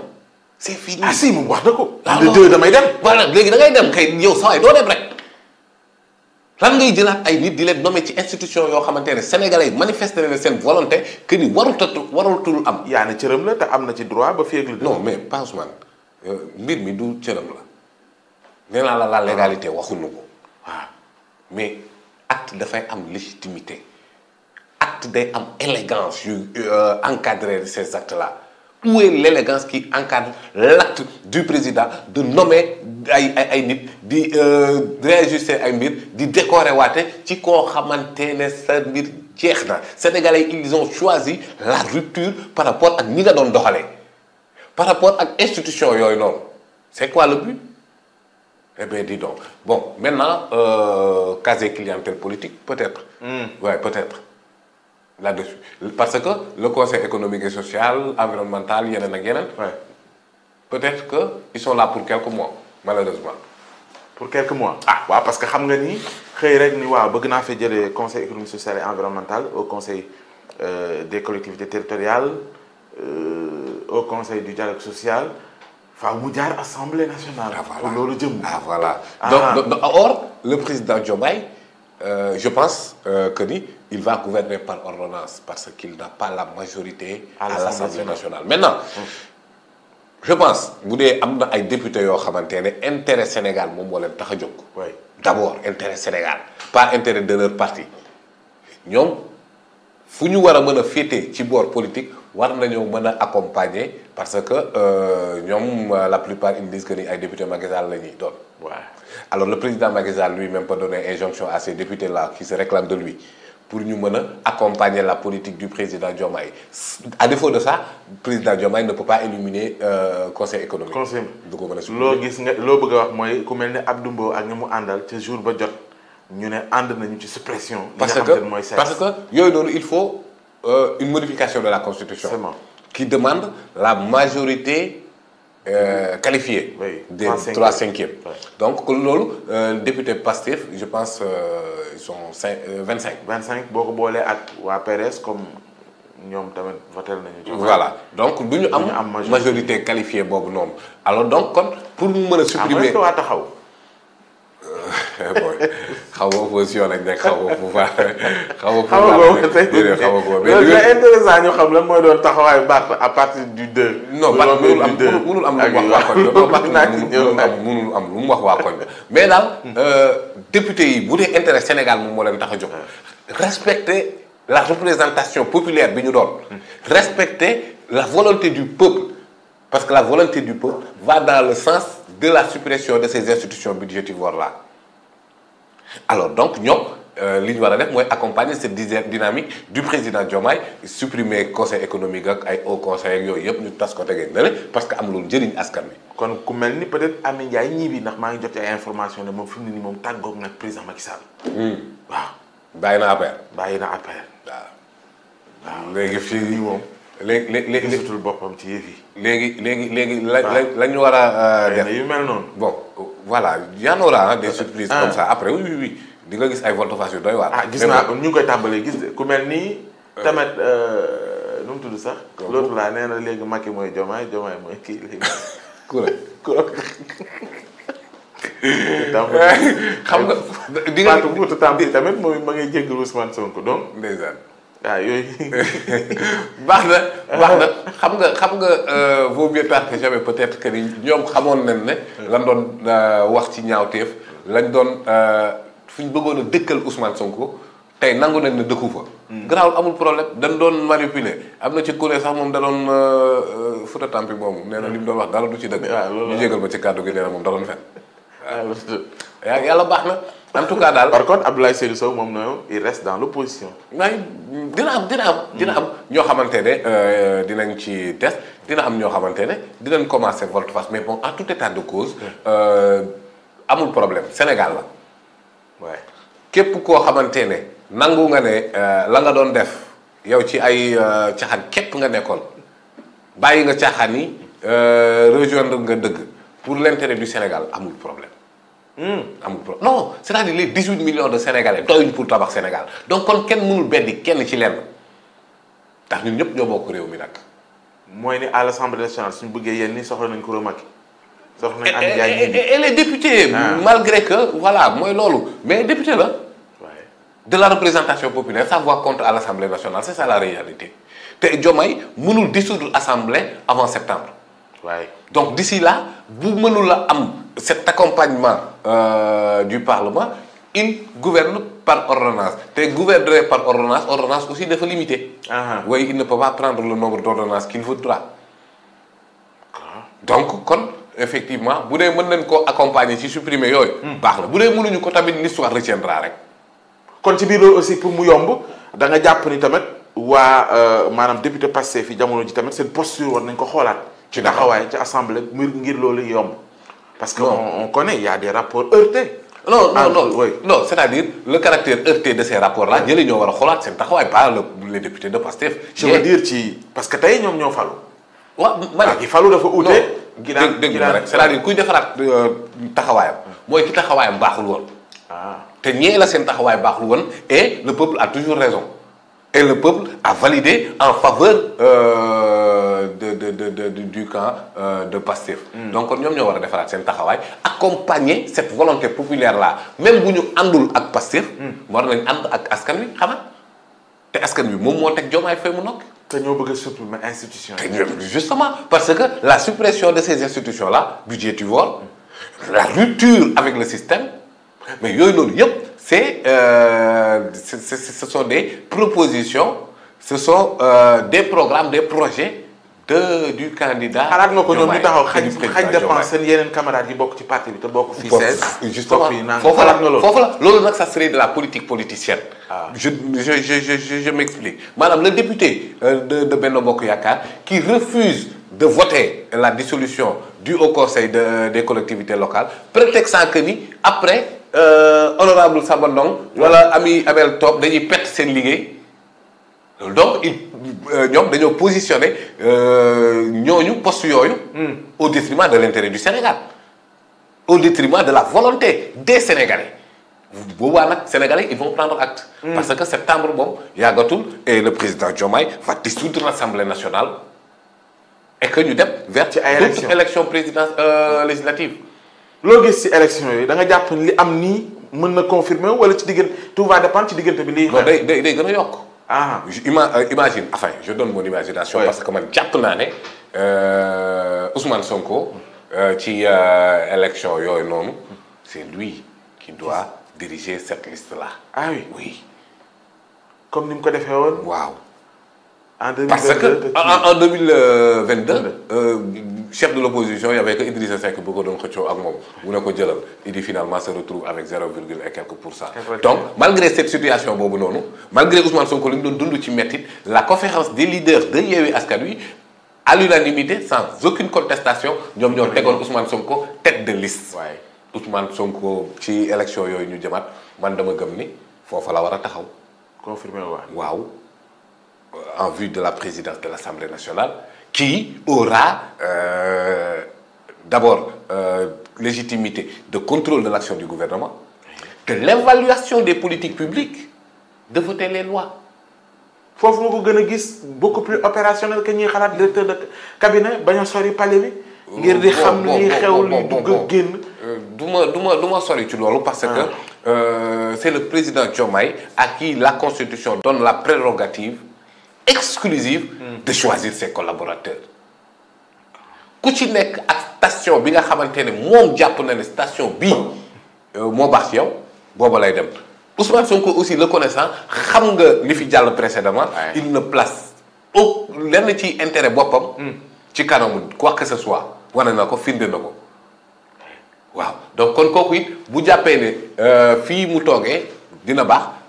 c'est fii ah, si moom wax na ko. Ah, le deux damay dem. voilà léegi da ngay dem kay yow saa waay doo dem rek lan ngay jëlaat ay nit di leen nommer ci institution yoo xamante ne sénégalais yi manifesté na seen volonté que ni warutatu warutul am. yaa na cëram la te am na ci droit ba féeg la. non mais pas Ousmane euh, mbir mi du cëram la nee la la légalité waxuñu ko waaw ah. mais acte dafay am légitimité at day am élégance yu euh, encadrer ces actes là. où est l'élégance qui encadre l'acte du président de nommer ay ay nit di euh, réajuster ay mbir di décorer waate ci koo xamante ne sa mbir jeex na sénégalais ils ont choisi la rupture par rapport ak ñi nga doon doxalee par rapport ak institution yooyu noonu c'est quoi le but eh bien donc bon maintenant euh, casier clientèle politique peut-être. Mmh. peut-être. la dessus parce que le conseil économique et social environnemental yeneen ak yeneen. peut-être que ils sont là pour quelques mois malheureusement. pour quelques mois. ah waaw parce que xam nga ni xëy rek ni waaw bëgg naa fa jëlee conseil économique social et environnemental au conseil euh, des collectivités territoriales euh, au conseil du dialogue social fa mu jaar assemblée nationale. ah voilà ah, ah. or le président Diomaye. Euh, je pense euh, que ni il va gouverner par ordonnance parce qu'il n'a pas la majorité à l'Assemblée nationale maintenant mmh. je pense bu dee am na ay député yoo xamante ne intérêt Sénégal moom moo tax a jóg d'abord intérêt Sénégal par intérêt de leur parti ñoom fu ñu war a mën a féete ci boor politique war nañoo mën a accompagner parce que euh, ñoom euh, la plupart ils disent que ni ay député Macky Sall la ñuy doon. waaw alors le président Macky Sall lui-même peut donner injonction à ces députés là qui se réclament de lui pour ñu mën a accompagner la politique du président Diomaye à défaut de ça président Diomaye ne peut pas éliminer euh, conseil économique. conseil du ko a loo gis nga loo bëgg a wax mooy ku mel ne Abdou Mbow ak ñi mu àndal ca jour ba jot ñu ne ànd nañu ci suppression. li nga xam mooy parce que parce que yooyu noonu euh, une modification de la Constitution bon. qui demande la majorité euh, qualifié oui, des 3 cinquièmes oui. donc loolu euh, député Pastef je pense euh, ils sont cinq 25. Euh, 25 boo ko boolee ak waa PRS comme ñoom tamit voté nañu. voilà donc du ñu am majorité majorité qualifiée boobu noonu alors donc kon pour mu mën a. Ah, supprimer ah taxaw. Euh, xaw ma position lañ nekk xaw ma pouvoir xaw ma pouvoir déedéet xaw ma ko mais loolu c'est intéressant ñu xam lan mooy doon taxawaayu Barth à partir du 2. non Barth mënul am mënul am lu mu wax waa koñ mënul am lu mu wax waa koñ mais daal hmm. euh, député yi bu dee intérêt Sénégal moom moo leen tax a jóg hmm. respecter la représentation populaire bi ñu doon hmm. respecter la volonté du peuple parce que la volonté du peuple va dans le sens de la suppression de ces institutions budgétivores laa alors donc ñoom euh, li ñu war a def mooy accompagner cette dynamique du président Diomaye supprimer conseil économique ak ay haut conseil yooyu yëpp ñu tas ko tegee nale parce que amulul njëriñ askan bi kon ku mel ni peut-être Amy Ndiaye ñii bi ndax maa ngi jot ay information ne moom fi mu ne nii moom tàggoog nag président Macky Sall hmm. waaw bàyyi na APR bàyyi na APR waaw waaw léegi fii moom léegi léegi boppam ci yëf léegi léegi léegi la la ah. ñu war a. Euh, def yu mel noonu. bon voilà y en aura des ah. surprises comme ça après oui oui oui di nga gis ay volte-face yu doy waar. ah gis naa ñu ngi koy tàmbalee gis ku mel nii. Euh. tamit euh, nu mu tudd sax. loolu laa nee na léegi Macky mooy Diomaye Diomaye mooy kii léegi. Koura Koura. xam nga. di nga Fatou Mbouta tamit mooy ma ngay jéggalu Ousmane Sonko donc. ndeysaan. waaw ah, yooyu baax na baax na xam nga xam nga euh, vaut mieux tard que jamais peut-être que ni ñoom xamoon nañ ne lan doon euh, wax ci ñaawteef lañ doon euh, fu ñu bëggoon a dëkkal Ousmane Sonko tey nangu nañ ne dëkku fa hmm. garaawul amul problème dañ doon manipuler am na ci ku sax moom da doon futa tampi moomu nee na li mu doon wax dara du ci dëgg ah, ñu jégal ma ci kàddu gi nee moom da doon fen waaw ah, yàlla baax na en tout cas daal par contre Abdoulaye Seydou Sow moom noonu il reste dans l'opposition waaye dina am dina am dina am ñoo xamante ne euh, dinañ ci des dina am ñoo xamante ne dinañ commencer volte-face mais bon en tout état de cause euh, amul problème Sénégal la képp koo xamante ne nangu nga ne euh, la nga doon def yow ci ay caaxaan képp nga nekkoon bàyyi nga caaxaan yi rejoindre nga dëgg pour l'intérêt du Sénégal amul problème Hmm. amul problème non c'est-à-dire les dix-huit millions de sénégalais doyuñ pour tabax Sénégal donc kon kenn mënul beddi kenn ci lenn ndax ñun ñëpp ñoo bokk réew mi nag. mooy ni à l'Assemblée nationale suñ bëggee yéen ni soxla nañ ko Macky soxla nañ Amy Ndiaye et les députés. Ah. malgré que voilà mooy loolu mais député la. de la représentation populaire ça va contre à l'Assemblée nationale c'est ça la réalité te Diomaye mënul dissoudre assemblée avant septembre. waaye Donc d'ici là, am cet accompagnement euh, du Parlement, il gouverne par te Et gouverner par ordonnance, ordonnance aussi de limiter. Uh ah. -huh. Oui, il ne peut pas prendre le nombre d'ordonnances qu'il voudra. Okay. Donc, quand, effectivement, vous pouvez accompagner, si supprimer, mm. vous pouvez ko tamit l'histoire retiendra rek. kon ci Quand loolu aussi pour mu yomb Mouyombo, dans le Japon, maanaam député Pastef yi jamono ji tamit seen posture war nañ ko xoolaat. ci taxawaay ci assemblée ngir ngir loolu yomb. parce que on connaît il y a des rapports heurtés. non non ah, non non c'est-à-dire le caractère heurté de ces rapports là ñële ñoo war a xoolaat seen taxawaay pas les députés de Pastef. je veux dire ci parce que tey ñoom ñoo falu. man ak ah, falu dafa uute. ginaar dégg c'est-à-dire kuy defaraat euh, taxawaayam. mooy ki taxawaayam baaxul woon. Ah. te ñee la seen taxawaay baaxul woon et le peuple a toujours raison. et le peuple a validé de de de du camp euh, de Pastef. donc kon ñoom ñoo war a defaraat seen taxawaay accompagner cette volonté populaire là même bu ñu àndul ak Pastef. war nañ ànd ak askan wi xanaa te askan wi moom moo teg Diomaye Faye mu nokk. te ñoo bëgg surtout supprimer institution yi. justement parce que la suppression de ces institutions là budgétivores la rupture avec le système mais yooyu noonu yëpp c'est euh, ce sont des propositions ce sont euh, des programmes des projet de du candidat. xalaat nga ko ñoom ñu taxaw xaj xaj dépense seen yeneen yi bokk ci parti bi te bokk. fii CES justement foofu la foofu la loolu nag serait de la politique politicienne. Ah. je je je je je m'explique maanaam le député euh, de de Benno Bokk Yaakaar qui refuse de voter la dissolution du Haut Conseil de des collectivités locales prétextant que ni après euh, honorable Samba Ndong wala ami Abel Top dañuy perte seen liggéey. donc il euh, ñoom dañoo positionné euh, ñooñu poste yooyu. Hmm. au détriment de l'intérêt du Sénégal au détriment de la volonté des Sénégalais. boobaa nag sénégalais ils vont prendre acte. Hmm. parce que septembre boobu yàggatul et le président Diomaye va dissoudre l'Assemblée nationale et que ñu dem. vers ci ay élection élection président euh, hmm. législative. loo gis élection yooyu danga nga jàpp li am nii mën na confirmer wala ci diggante tout va dépendre ci diggante bi. lii day day day gën a yokk. ah euh, imagine enfin je donne mon imagination. parce que man jàpp naa ne euh, Ousmane Sonko. Euh, ci élection yooyu noonu. c'est lui qui doit diriger cette liste là. ah oui oui. comme ni mu ko defee woon waaw. en parce que en en 2022. Euh, chef de l' opposition y avait que Idrissa Seck bu ko doon xëccoo ak moom mu ne ko jëlal Idi finalement se retrouve avec zéro virgule et quelques pour cent. donc malgré cette situation boobu noonu malgré Ousmane Sonko li mu doon dund ci mettit la conférence des leaders de Yewwi Askan Wi à l'unanimité sans aucune contestation ñoom ñoo tegoon Ousmane Sonko tête de liste. Sonko ci élection yooyu ñu jëmaat man dama gëm ni foofa la war a taxaw. confirmé waaw waaw. en vue de la présidence de l'Assemblée nationale, qui aura euh, d'abord euh, légitimité de contrôle de l'action du gouvernement, de l'évaluation des politiques publiques, de voter les lois. foofu nga ko gën a gis beaucoup plus opérationnel que ñuy xalaat directeur de cabinet bañ a sori palais ngir di xam li xew li dugg a génn. Euh, du ma du ma du ma sori ci loolu. parce que ah. euh, c'est le président Diomaye à qui la constitution donne la prérogative. exclusive de choisir ses collaborateurs ku ci nekk ak station bi nga xamante ne moom jàpp na ne station bi euh, moo baax ci yow booba lay dem Ousmane ko aussi le connaissant xam nga li fi jàll précédemment il ne place au lenn ci intérêt boppam hmm. ci kanamu quoi que ce soit wane na ko find na ko waaw donc kon kooku it bu jàppee ne euh, fi mu toogee dina baax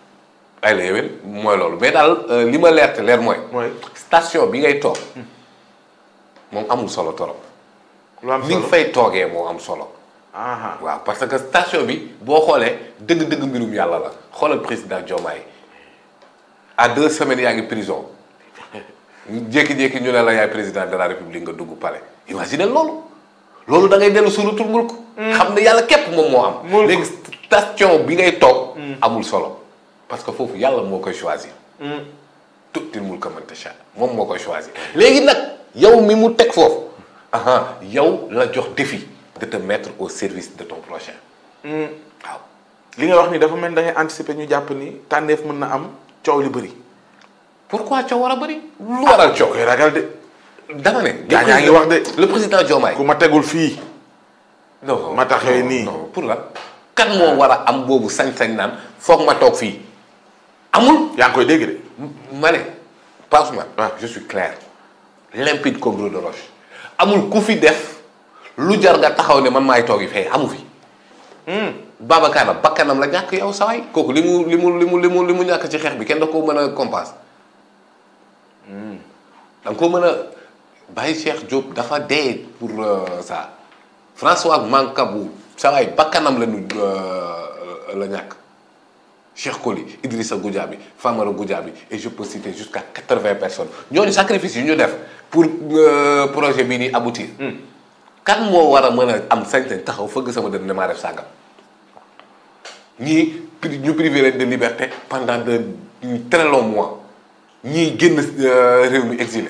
ay la mooy loolu mais daal euh, li ma leer leer mooy. station bi ngay toog moom amul solo torop. ni nga fay toogee moo am solo. waaw parce que station bi boo xoolee dëgg-dëgg mbirum yàlla la xoolal président Diomaye à deux semaines yaa ngi prison jékki jekki ñu ne la yaay président de la république nga dugg palais imagine loolu loolu da ngay dellu suratul mulk hmm. xam ne yàlla képp moom moo am. léegi station bi ngay toog. Hmm. amul solo. parce que foofu yàlla moo koy choisir. tuuti mulka man tasha moom moo koy choisir léegi nag yow mi mu teg foofu yow la jox défi de te mettre au service de ton prochain. li nga wax ni dafa mel da ngay anticiper ñu jàpp ni tànneef mën na am coow li bëri. pourquoi coow war a bari lu waral coow ragal de. dama ne. gaa ñaa ngi wax de le président Diomaye. ku ma tegul fii. non ma taxee nii. pour la kan moo war a am boobu sañ-sañ naan foog ma toog fii. amul. yaa ngi koy dégg de. ma ne Pa Ousmane. Ah. je suis clair limpide comme l'eau de roche amul ku fi def lu jar nga taxaw ne man toog toogi fee amu fi. Hmm. Babacar la bakkanam la ñàkk yow saway kooku li mu li mu li mu li mu li mu ñàkk ci xeex bi kenn da koo mën a compas. Hmm. danga koo mën a bàyyi Cheikh Diop dafa dee pour euh, ça François Mancabou saway bakkanam la ñu euh, euh, la ñàkk. Cheikh Koli Idrissa Goudiaby Famara Goudiaby et je peux citer jusqu'à quatre-vingts personnes ñooñu sacrifice yu ñu def pour euh, projet bii nii aboutir. Hmm. kan moo war a mën a am sañ-sañ taxaw fëgg sama dënn ne maa def sàngam ñii ñu privé de liberté pendant de très longs mois ñii génn euh, réew mi exilé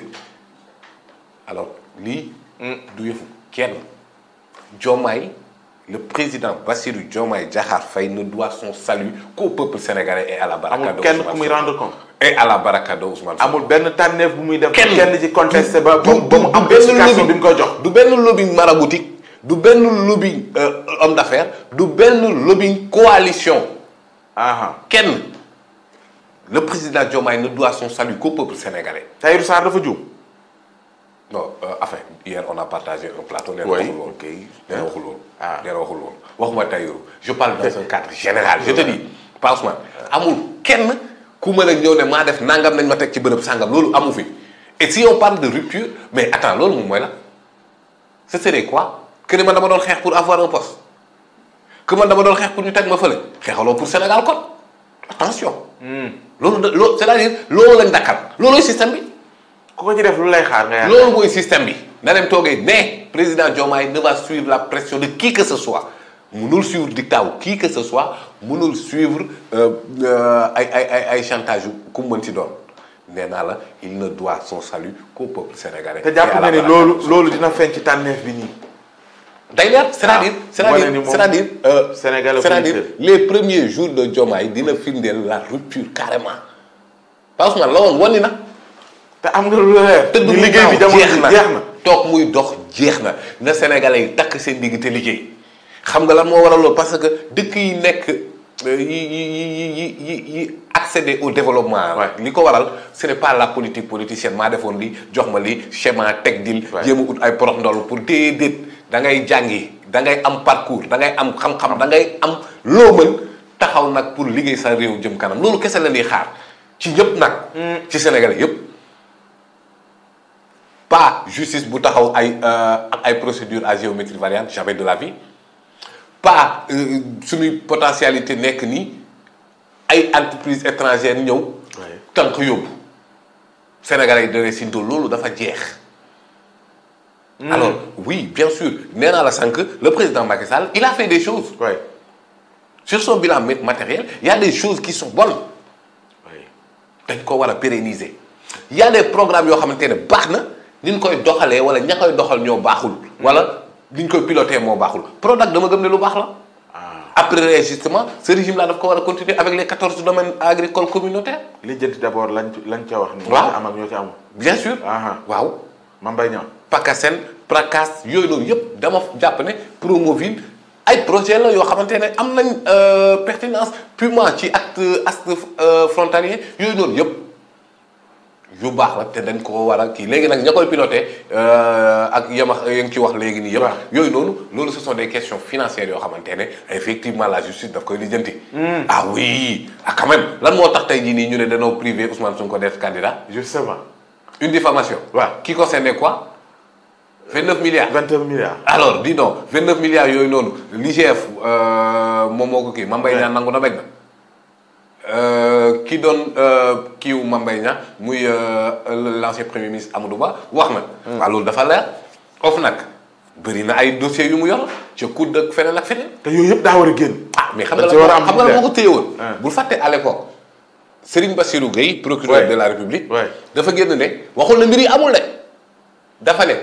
alors lii. Hmm. du yëfu kenn Diomaye le président Bassirou Diomaye Diakhar fay ne doit son salut qu'au peuple sénégalais et à la baraka de amul kenn ku muy rendre compte. amul benn tànneef bu muy def. kenn ci contesté ba ba mu am. ko jox du benn lobby maraboutique du benn lobby euh, homme d'affaires du benn lobby coalition. kenn le président Diomaye ne doit son salut qu'au peuple sénégalais. Tahirou Sarr dafa juum. non euh, enfin hier on a partagé un plateau. nee na waxul woon kay. nee waxul woon waxuma Tahirou je parle dans un cadre général. je te dis Pa amul kenn ku mën ñëw ne maa def nangam nañ ma teg ci bërëb sangam loolu amu fi et si on parle de rupture mais attends loolu moom mooy la ce serait quoi que ne dama doon xeex pour avoir un poste que man dama doon xeex pour ñu teg ma fële xeexaloo pour Sénégal kon attention. Hmm. loolu da loo c'est-à-dire loolu ku ko ci def lu lay xaar nga. loolu mooy système bi na dem toogee ne président Diomaye ne va suivre la pression de qui que ce soit mënul suivre dictat wu qui que ce soit mënul suivre euh, euh, ay ay ay ay chantage yu ku mu ci doon nee naa la il ne doit son salut qu'au peuple sénégalais. te jàpp nga ne loolu loolu dina feeñ ci tànneef bi nii. day leer c'est-à-dire ah, c'est-à-dire c'est-à-dire euh, Sénégal c'est-à-dire les premiers de Diomaye dina firndeel la rupture carrément parce que la woon wani na. te am nga lu leer. tëdd muy liggéey bi jamono jeex na toog muy dox jeex na na Sénégalais yi takk seen digg te liggéey xam nga lan moo waral loolu parce que dëkk yi nekk euh, yi yi yi yi yi yi accéder au développement. li ko waral ce n'est pas la politique politicienne maa defoon li jox ma li schéma teg dil jéem ut ay porox ndol pour déedéet da ngay jàngi da ngay am parcours da ngay am xam-xam da ngay am loo mën taxaw nag pour liggéey sa réew jëm kanam loolu kese la ñuy xaar ci ñëpp nag. Mm. ci Sénégal yëpp. pas justice bu taxaw ay euh, ak ay procédures à géométrie variante jamais de la vie pas euh, suñuy potentialité nekk nii ay entreprises étrangères ñëw. tànk yóbbu. Sénégalais yi da ngay sintoo loolu dafa jeex. Hmm. alors oui bien sûr nee a la sànq le président Macky Sall il a fait des choses. oui sur son bilan matériel il y a des choses qui sont bonnes. oui dañ ko war a pérenniser. a des programmes yoo xamante ne baax na. niñ koy doxalee wala ña koy doxal ñoo baaxul. wala liñ koy piloté moo baaxul Prodac dama gëm ne lu baax la. Ah. après réajustement ce régime là daf ko war a continuer avec les quatorze domaines agricoles communautaires. li jënd d'abord lañ lañ ca wax. waaw nii am ak ñoo ci amul. bien sûr. Ah. waaw. ma mbay ñoom. PACASEN PRACAS yooyu noonu yëpp dama jàpp ne Promoville ay projet la yoo xamante ne am nañ euh, pertinence purement ci acte acte euh, frontalier yooyu noonu yëpp. yu baax la te dañ ko war a kii léegi nag ña koy piloté euh, ak yama ya ngi ci wax léegi nii yëpp yooyu noonu loolu ce sont des questions financières yoo xamante ne effectivement la justice daf koy lijjanti hmm. ah oui ah quand même lan moo tax tey jii nii ñu ne dañoo privé Ousmane Sonko def candidat justement une ko waaw qui concernait quoi 29 milliards 29 milliards alors dis donc 29 milliards yooyu noonu l'IGF euh, moom moo ko kii Mame Mbaye Niang nangu na na Euh, kii doon euh, kiiw ma mbay Niang muy euh, l'ancien premier ministre Amadou Ba wax na. Hmm. waaw loolu dafa la of nag bëri na ay dossiers yu mu yor ca coup ak feneen ak feneen. te yooyu yëpp daa war a génn. ah mais xam nga la xam nga la moo ko téye woon. Hmm. bul fatte à l'époque Serigne Bassirou Gueye. procureur de la République. dafa génn ne waxul na mbir yi amul de. dafa ne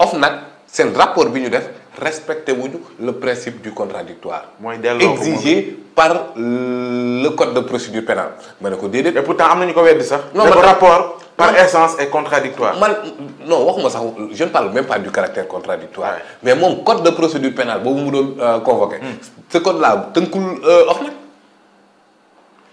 of nag seen rapport bi ñu def. respecté wuñu le principe du contradictoire mooy delloo exigé par le code de procédure pénale ma ne ko déedéet. et pourtant am nañu ko weddi sax. non le rapport par essence est contradictoire man non waxuma sax je ne parle même pas du caractère contradictoire mais moom code de procédure pénale boobu mu doon euh, convoqué. Hmm. ce code là tënkul euh, OFNAC.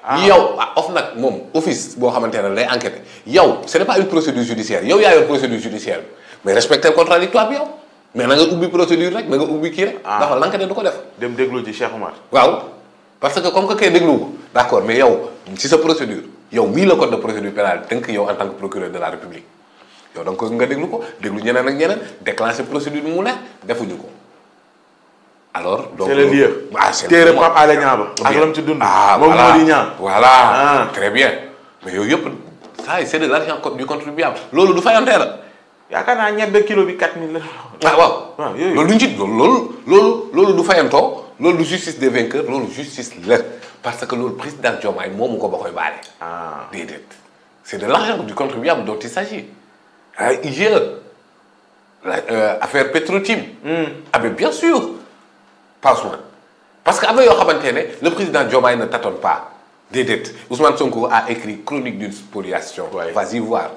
Ah. yow ah OFNAC moom office boo xamante ne day enquêté yow ce n'est pas une procédure judiciaire yow yaa yor procédure judiciaire mais respecté le contradictoire bi yow. mais na nga ubbi procédure rek na nga ubbi kii rek. Ah. dafa ko def. dem déglu ci Cheikh Oumar. waaw parce que comme que kay déglu ko d' accord mais yow si sa procédure yow mii la code de procédure pénale tënk yow en tant que procureur de la république yow da nga déglu ko déglu ñeneen ak ñeneen déclenché procédure bi mu ne defuñu ko. alors donc c'est le lieu. ah c'est le moment téere Pape Alé Niang ba. ak lam ci dund. ah moom moo di ñaan. voilà ah. très bien mais yooyu yëpp ça c'est de l'argent du contribuable loolu du fayantee la. yaakaar naa ñebe kilo bi 4000 la. ah waaw. waaw ah, yooyu loolu duñ ci loolu loolu loolu du fayantoo loolu du justice des vainqueurs loolu justice la parce que loolu président Diomaye moomu ko ba koy baale. ah déedéet. c' est de l' argent du contribuable dont il s'agit ah IGE euh, affaire Petrotim. Hmm. ah mais bien sûr passe moi parce que am na yoo xamante ne le président Diomaye ne tâtonne pas déedéet Ousmane Sonko a écrit chronique d'une spoliation. vas-y voir.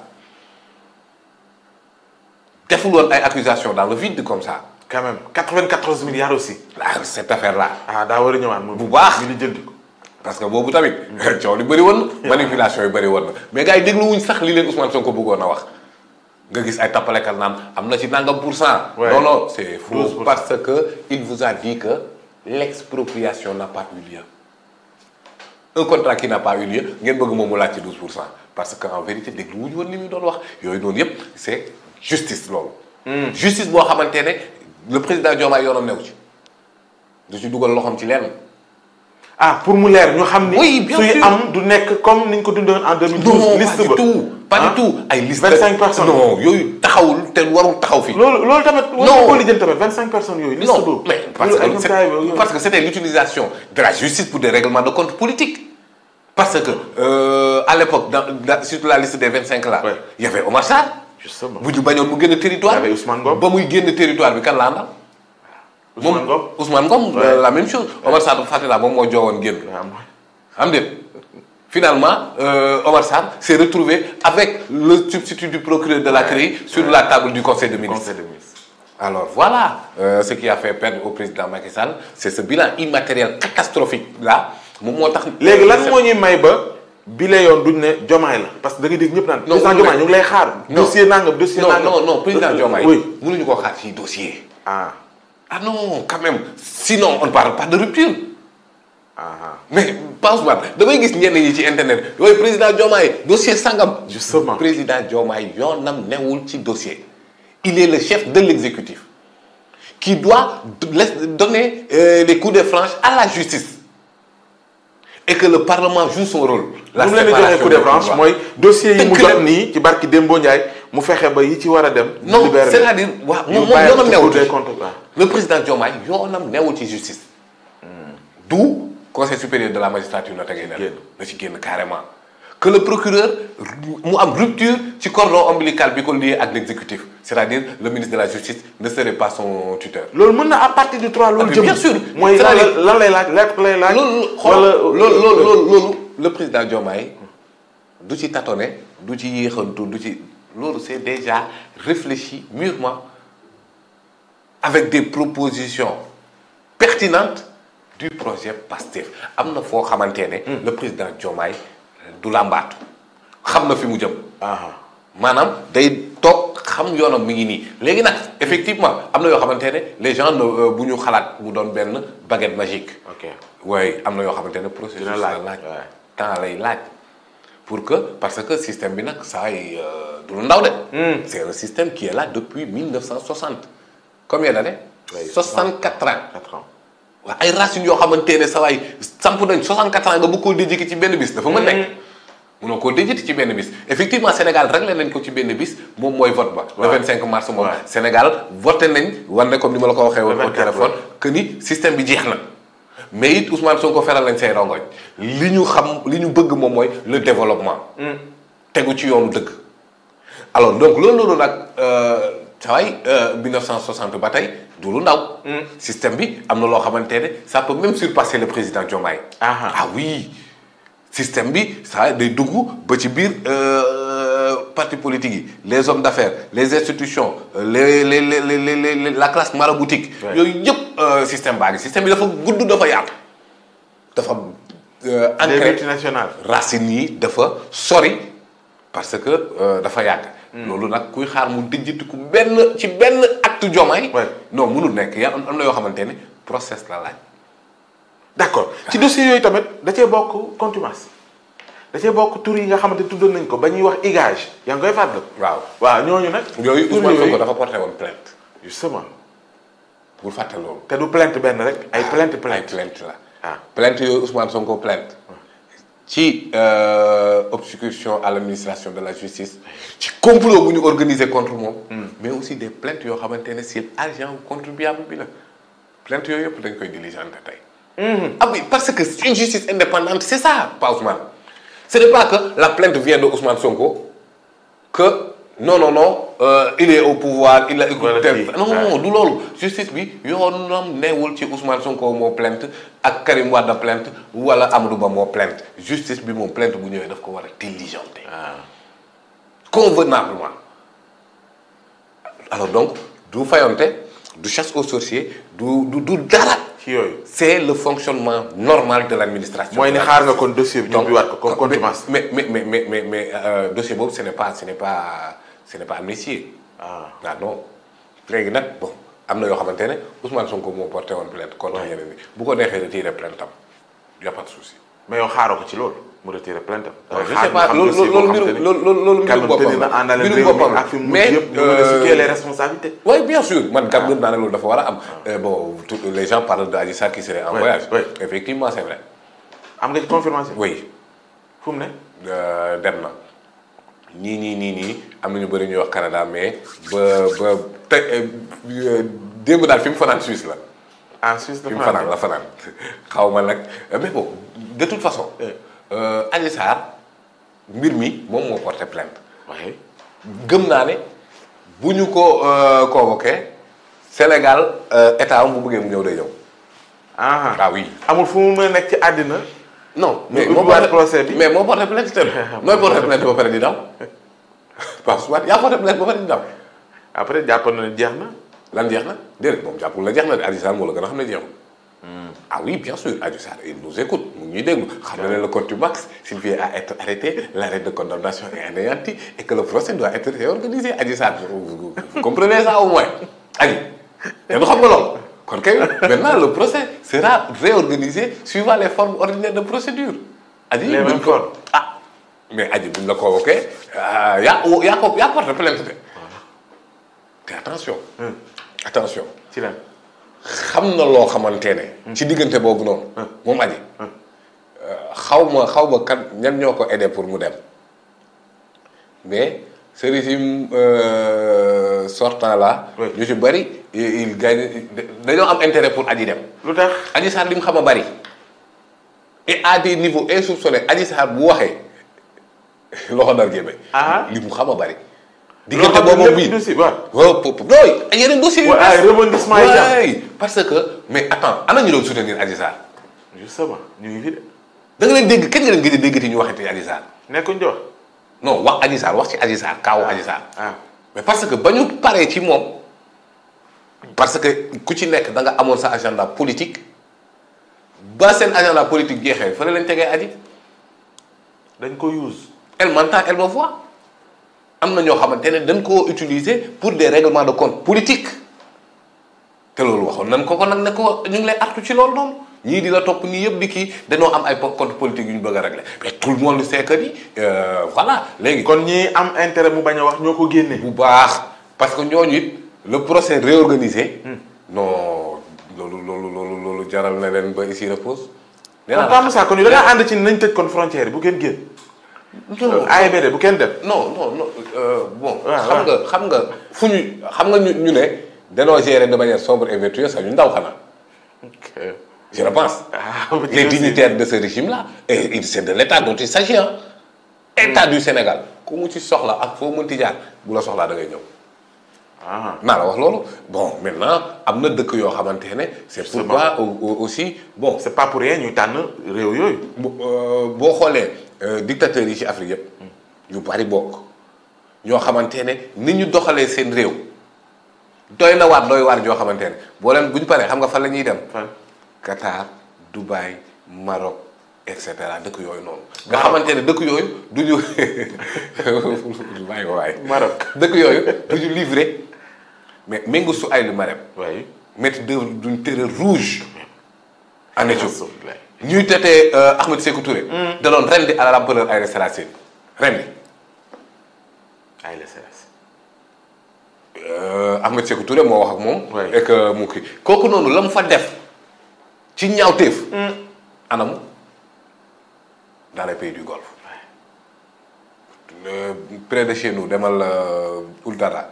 deful woon ay accusations dans le vide comme ça. quand même 94 milliards aussi. ah cette affaire là. ah daa bu baax ñu jënd ko. parce que boobu tamit coow li bëri woon na. manipulation yi bëri woon mais gars yi déglu wuñ sax li leen Ousmane ko bëggoon a wax. nga gis ay tappalekat naan am na ci nangam pour cent. non non c' est faux parce que il vous a dit que l' expropriation n' eu lieu. un contrat qui n'a pas eu lieu ngeen bëgg moom mu laaj ci pour cent parce que en vérité déglu wuñ woon li muy doon wax yooyu noonu yëpp justice loolu. justice boo xamante ne le président Diomaye yoonam newu ci. du ci dugal loxoom ci lenn. ah pour mu leer ñu xam ni. oui bien sûr suy am du nekk comme ko dundoon en liste ba pas du ah? tout ay liste 25 personnes non yooyu taxawul te warul taxaw fii. loolu loolu tamit. non war ko lijjanti tamit 25 personnes yooyu. liste boobu non mais parce que parce que c'était l'utilisation de la justice pour des règlements de compte politique. parce que euh, à l'époque dans surtout la liste des 25 là. il avait justement bu ñu bañoon mu génn territoire bi Ousmane Ngom ba muy génn territoire bi kan la àndal. Ousmane Ngom Ousmane Ngom la même chose Omar Sarr Fatila am déet finalement euh, Omar Sarr s'est retrouvé avec le substitut du procureur de la CREI sur la table du conseil de ministre. alors voilà euh, ce qui a fait perdre au président Macky c'est ce bilan immatériel catastrophique là moom moo tax. léegi lan moo may ba. bi yoon duñ ne Diomaye la parce que da nga dégg ñëpp naan. président Diomaye ñu ngi lay xaar. dossier nangam dossier nangam non non président euh, Diomaye. oui mënuñu koo xaar ci dossier. ah ah non quand même ah mais pas souvent damay gis ñenn yi ci internet yooyu président Diomaye dossier sangam. justement président Diomaye yoonam newul ci dossier. il est le chef de l'exécutif qui doit donner euh, les coups de franche à la justice et que le parlement joue son rôle. la séparation mu leen joxee coup de branche mooy dossier yi mu jot nii ci barki Dembo Ndiaye mu fexe ba yi ci war a dem. non c'est-à-dire waaw moom yoonam le président Diomaye yoonam newul ci justice. Hmm. du conseil supérieur de la magistrature la tegee nen na ci génn carrément que le procureur mu am rupture ci cordon ombilical bi ko lié ak l'exécutif c'est-à-dire le ministre de la justice ne serait pas son tuteur. loolu mën na à partir du 3 loolu jëm ah, bien sûr mooy lan lay laaj loolu xool euh, le président Diomaye du ci tâtonner du ci yéexantu du ci loolu c'est déjà réfléchi mûrement avec des propositions pertinentes du projet PASTEF am na foo xamante ne. Hmm. le président jomaay du làmbaatu xam na fi mu jëm. maanaam day toog xam yoonam mi ngi nii léegi nag effectivement am na yoo xamante ne les gens euh, bu ñu xalaat mu doon benn bagget magique. ok waaye am na yoo xamante ne processus la laaj temps lay laaj pour que parce que système bi nag saa yi euh, du lu ndaw de. Hmm. c'est un système qui est là depuis 1960. combien d'années. 64 ans 64 ans. waaw ay racines yoo xamante ne sa waay samp nañ 64 ans nga bëgg koo déjéki ci benn bis. dafa mën nekk munoo hmm. koo déjéti ci benn bis effectivement Sénégal réglé nañ ko ci benn bis moom mooy vote ba. le 25 mars moom Sénégal voté nañ war ne comme ni ma la ko waxee woon au téléphone que ni système bi jeex na. mais it Ousmane Sonko feral nañ say rongoñ li ñu xam li ñu bëgg moom mooy le développement. Hmm. tegu ci yoonu dëgg. alors donc loolu loolu nag saa waay 1960 ba tey du lu ndaw. Hmm. système bi am na loo xamante ne ça peut même surpasser le président Diomaye. ah, ah. ah oui système bi ça day dugg ba ci biir. Euh, partis politiques yi les hommes d'affaires les institutions euh, les les les les les la classe maraboutique. yooyu yëpp euh, système baa ngi système bi dafa gudd dafa yaatu. dafa euh, ancré multinationales racines yi dafa sori parce que dafa yàgg. Hmm. loolu nag kuy xaar mu dijjit ku benn ci benn acte Diomaye. non mënul nekk yaa am na yoo xamante ne process la laaj. d'accord ci dossier yooyu tamit da bokk contumace. da cee bokk tur yi nga xamante tu tuddoon nañ ko ba ñuy wax igage yaa ngi koy fàttali. waaw waaw ñooñu nag. yooyu Ousmane Sonko dafa porté woon plainte. justement. bul fàtte loolu. te du plainte benn rek ay ah, plainte plainte plainte la. ah plainte yooyu Ousmane ci euh, obstruction à l'administration de la justice ci complot bu ñu organisé contre moom. Hmm. mais aussi des plaintes yoo xamante ne c'est argent contribuable bi la plainte yooyu yëpp dañ koy diligenté tey. Hmm. ah parce que c'est une justice indépendante c'est ça Pa Ousmane. ce n'est pas que la plainte vient de Ousmane Sonko que non non non euh, il est au pouvoir il a. wala kii non du loolu justice bi yoonam newul ci Ousmane Sonko moo plainte ak Karim Wade plainte wala Amadou Ba moo plainte justice bi moom plainte bu ñëwee daf ko war a diligenter. Ah. convenablement. alors donc du fayonte du chasse aux du du dara. ci yooyu c'est le fonctionnement normal de l'administration. mooy ni xaar nga kon dossier bi ñu biwaat ko comme ah, contumace. mais mais mais mais mais, mais euh, dossier boobu ce n'est pas ce n'est pas ce n'est pas amnistié. ah, ah léegi nag bon am na yoo xamante ne Ousmane Sonko moo porté woon plainte contre yeneen bi bu ko neexee retiré plainte am y a pas de souci. mais yow xaaroo ko ci loolu. mu retiré plainte am. je sais pas loolu loolu mbiru loolu loolu mbiru boppam la mbiru boppam ak fi mu mujj yëpp mën a situer les responsabilités. oui bien sûr man gàmm ah. gëm naa ne loolu dafa war a am. Euh, bon tout les gens parlent de Adji Sarr qui serait en voyage. effectivement c'est vrai. am nga ci confirmation. oui. fu mu ne. Euh, dem na. ñii ñii nii nii am na ñu bëri ñuy wax Canada mais ba ba te euh, démb daal fi mu fanaan Suisse la. ah Suisse la fanaan fi mu fanaan la fanaan xaw ma nag mais bon de toute façon. Euh, Adji Sarr mbir mi moom moo porté plainte waaye gëm naa ne bu ñu ko euh, convoqué Sénégal euh, état am bu bëggee mu ñëw day ñëw. ah ah oui. amul fu mu mën a nekk ci àddina. non mais moo porté procès plainte teel. pare di daw. waaw su ma yaa porté plainte ba pare di daw. après jàpp na ne jeex na. lan jeex na déedéet moom jàppul la jeex na de Adji Sarr moo la gën a xam ne jeexul. ah oui bien sûr Adji ah, Sarr il nous écoute mu ngi ñuy déglu xam na ne le contumace s'il vient à être arrêté l'arrêt de condamnation est anéanti et que le procès doit être réorganisé Adji ah, Sarr vous comprenez ça au moins Adji te du xam nga loolu maintenant le procès sera réorganisé suivant les formes ordinaires de procédure Adji ah, les mêmes formes ah mais Adji buñ la convoqué yaa yaa ko oh, yaa porte plainte de te attention attention ci lan xam na loo xamante ne. ci diggante boobu noonu. moom aji. Euh, xaw ma xaw ma kan ñan ñoo ko aidé pour mu dem mais ce régime euh, sortant la ñu si bari il gagne dañoo am intérêt pour aji dem. lu tax aji saar li mu xam a bari. et à des niveaux insoupçonnés aji saar bu waxee loxo ndar géeme. Ah. li mu xam a bari. diggante boobu bi waaw doy ay yeneen dossiers yu ay rebondissement yi parce que mais attends ana ñu doon soutenir Adji Sarr justement ñu ngi fi de da nga leen dégg kenn nga leen gëj a déggati ñu waxati Adji Sarr nekkuñ di wax non wax Adji Sarr wax ci Adji Sarr kaawu ah. Adji Sarr ah. mais parce que ba ñu paree ci moom parce que ku ci nekk da nga amoon sa agenda politique ba seen agenda politique jeexee fële lañ tegee Adji dañ ko use elle m'entend elle me am na ñoo xamante ne dañ koo utiliser pour des règlements de compte politique te loolu waxoon nañ ko ko nag ne ko ñu ngi lay artu ci loolu noonu ñii di la topp nii yëpp di kii dañoo am ay compte politique yu ñu bëgg a régler mais tout le monde sait que ni euh, voilà léegi. kon ñii am intérêt mu bañ a wax ñoo ko génnee bu baax parce que ñooñu it le procès réorganisé. Hmm. non loolu loolu loolu loolu jaral na leen ba ici repose. nee naa la kon Pape Moussa kon da ànd ci nañ tëj kon frontière bu gën génn. AIBD bu kenn dem. non non euh, bon. xam nga xam nga ñu xam nga ñu ñu ne danoo gérer de manière sobre et sa sax ñu ndaw xanaa. je repense ah, les dignitaires de ce régime là et c'est de l'état dont il s'agit hein état mm. du Sénégal ku mu ci soxla ak foo mënti jaar bu la soxlaa dangay ñëw naa ah. la wax loolu bon maintenant am na dëkk yoo xamante ne c'est pourquoi aussi bon c'est pas pour rien ñuy tànn réew yooyu euh, boo xoolee Euh, dictateurs yi ci Afrique yëpp ñu bari bokk ñoo xamante ne ni ñu doxalee seen réew doy na waar doy waar ñoo xamante ne boo leen bu ñu paree xam nga fan la ñuy dem. Qatar Dubaï Maroc et cetera dëkk yooyu noonu. nga xamante ne dëkk yooyu du ñu bàyyi waay. Maroc dëkk yooyu du mais méngo su ay lu marem. waaye métti d'œuvre d'une rouge. en Éthiopie ñuy tetee euh, Ahmed Sékou Touré. Mm. da doon rendi à la ramponeur Haïlé rendi Haïlé Sélassié. Euh, Ahmed Sékou moo wax ak moom. et que kooku noonu la mu fa def ci ñaawteef. Mm. anam dans les pays du Golfe. Euh, près de chez demal Oudara.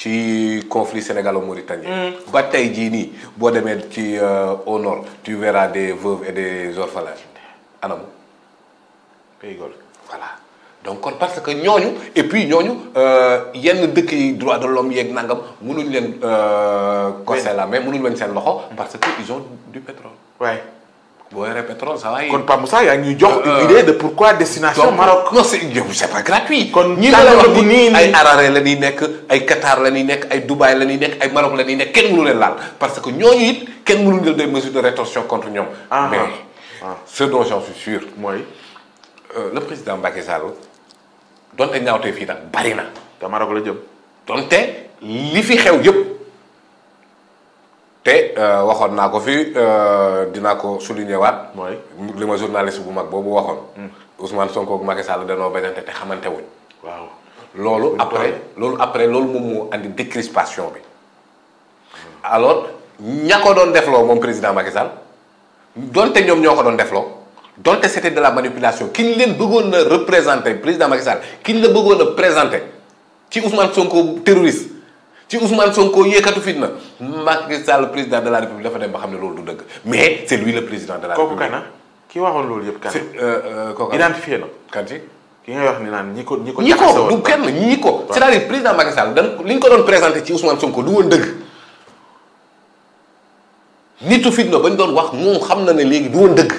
ci conflit sénégalo-mauritanien. Mm. ba tey jii nii boo demee ci euh, au nord tu verras des veuves et des orphelins anam pays Golf voilà donc kon parce que ñooñu et puis ñooñu euh, yenn dëkk yi droit de l'homme yeeg nangam mënuñ leen. Euh, conseil la mais mënuñ leen seen loxo. parce que ils ont du pétrole. boo yoree pétrole ça va. kon Pape Moussa yaa ngi ñuy jox une euh, idée de pourquoi destination Maroc. non c'est c'est pas gratuit. kon ñi la wax nii ay Harare la nekk ay Qatar la ñuy nekk ay Dubaï la ñuy nekk ay Maroc la ñuy nekk kenn mënu leen laal parce que ñooñu it kenn mënu jël des mesures de rétorsion contre ñoom. Ah, ah. mais ah. ce dont j'en suis mooy euh, le président Macky Sall donte ñaawtee fii nag bari na. te Maroc la jëm. donte li fi xew yëpp. te euh, waxoon naa ko fi euh, dina ko souligner waat. mooy li ma journaliste bu mag boobu waxoon. Hmm. Ousmane Sonko ak Macky Sall danoo bañante te xamante wuñ. waaw loolu après loolu après loolu moom moo andi décrispation bi. alors ña ko doon defloo moom président Macky Sall donte ñoom ñoo ko doon defloo donte c'était de la manipulation ki leen bëggoon a représenter président Macky Sall ki la bëggoon a présenter ci Ousmane Sonko terroriste. ci Ousmane Sonko yéekatu fitna Macky Sall président de la République dafa dem ba xam ne loolu du dëgg mais c'est lui le président de la République. kooku kana ki waxoon loolu yëpp kana. Euh, euh, kooku identifié na kanti wax ni naan ñi ko ñi ko. ñi ko du kenn ñi ko. c'est-à-dire président Macky Sall dan li ñu ko doon présenté ci du dëgg. nitu fitna ba ñu doon wax moom xam na ne léegi du woon dëgg.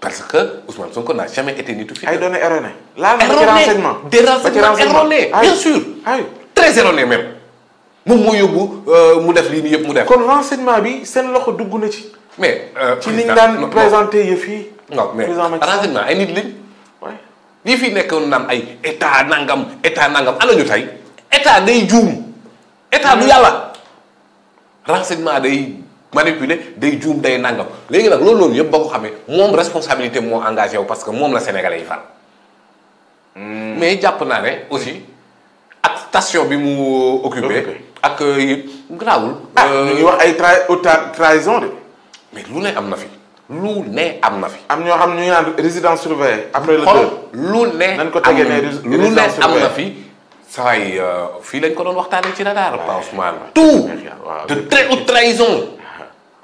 parce que Ousmane Sonko n'a jamais été nitu fitna. ay données erronées. laal na ci renseignement erroné des bien sûr. ay très erroné même. moom moo yóbbu euh, mu def lii nii yëpp mu def. kon renseignement bi seen loxo dugg na ci. mais euh, ci ni ñu daan présenté yëf fii non mais renseignement ay nit lañ. waay fi nekkoon naan ay état nangam état nangam ana ñu tey état day juum état du hmm. yàlla renseignement day. manipulé day juum day nangam léegi nag loolu loolu yëpp ba ko xamee moom responsabilité moo engagé parce que moom la sénégalais yi fal. Hmm. mais jàpp naa ne aussi ak station bi mu occupé ak euh, garaawul. ah euh, ñu wax ay tra trahison de. mais lu ne am na fi. lu ne am na fi. am ñoo xam ne ñu ngi naan résidence surveillée. après le xool lu ne. am na fi. saa yi euh, fii lañ ko doon waxtaanee ci radar. waaw Ousmane tout de très haute trahison.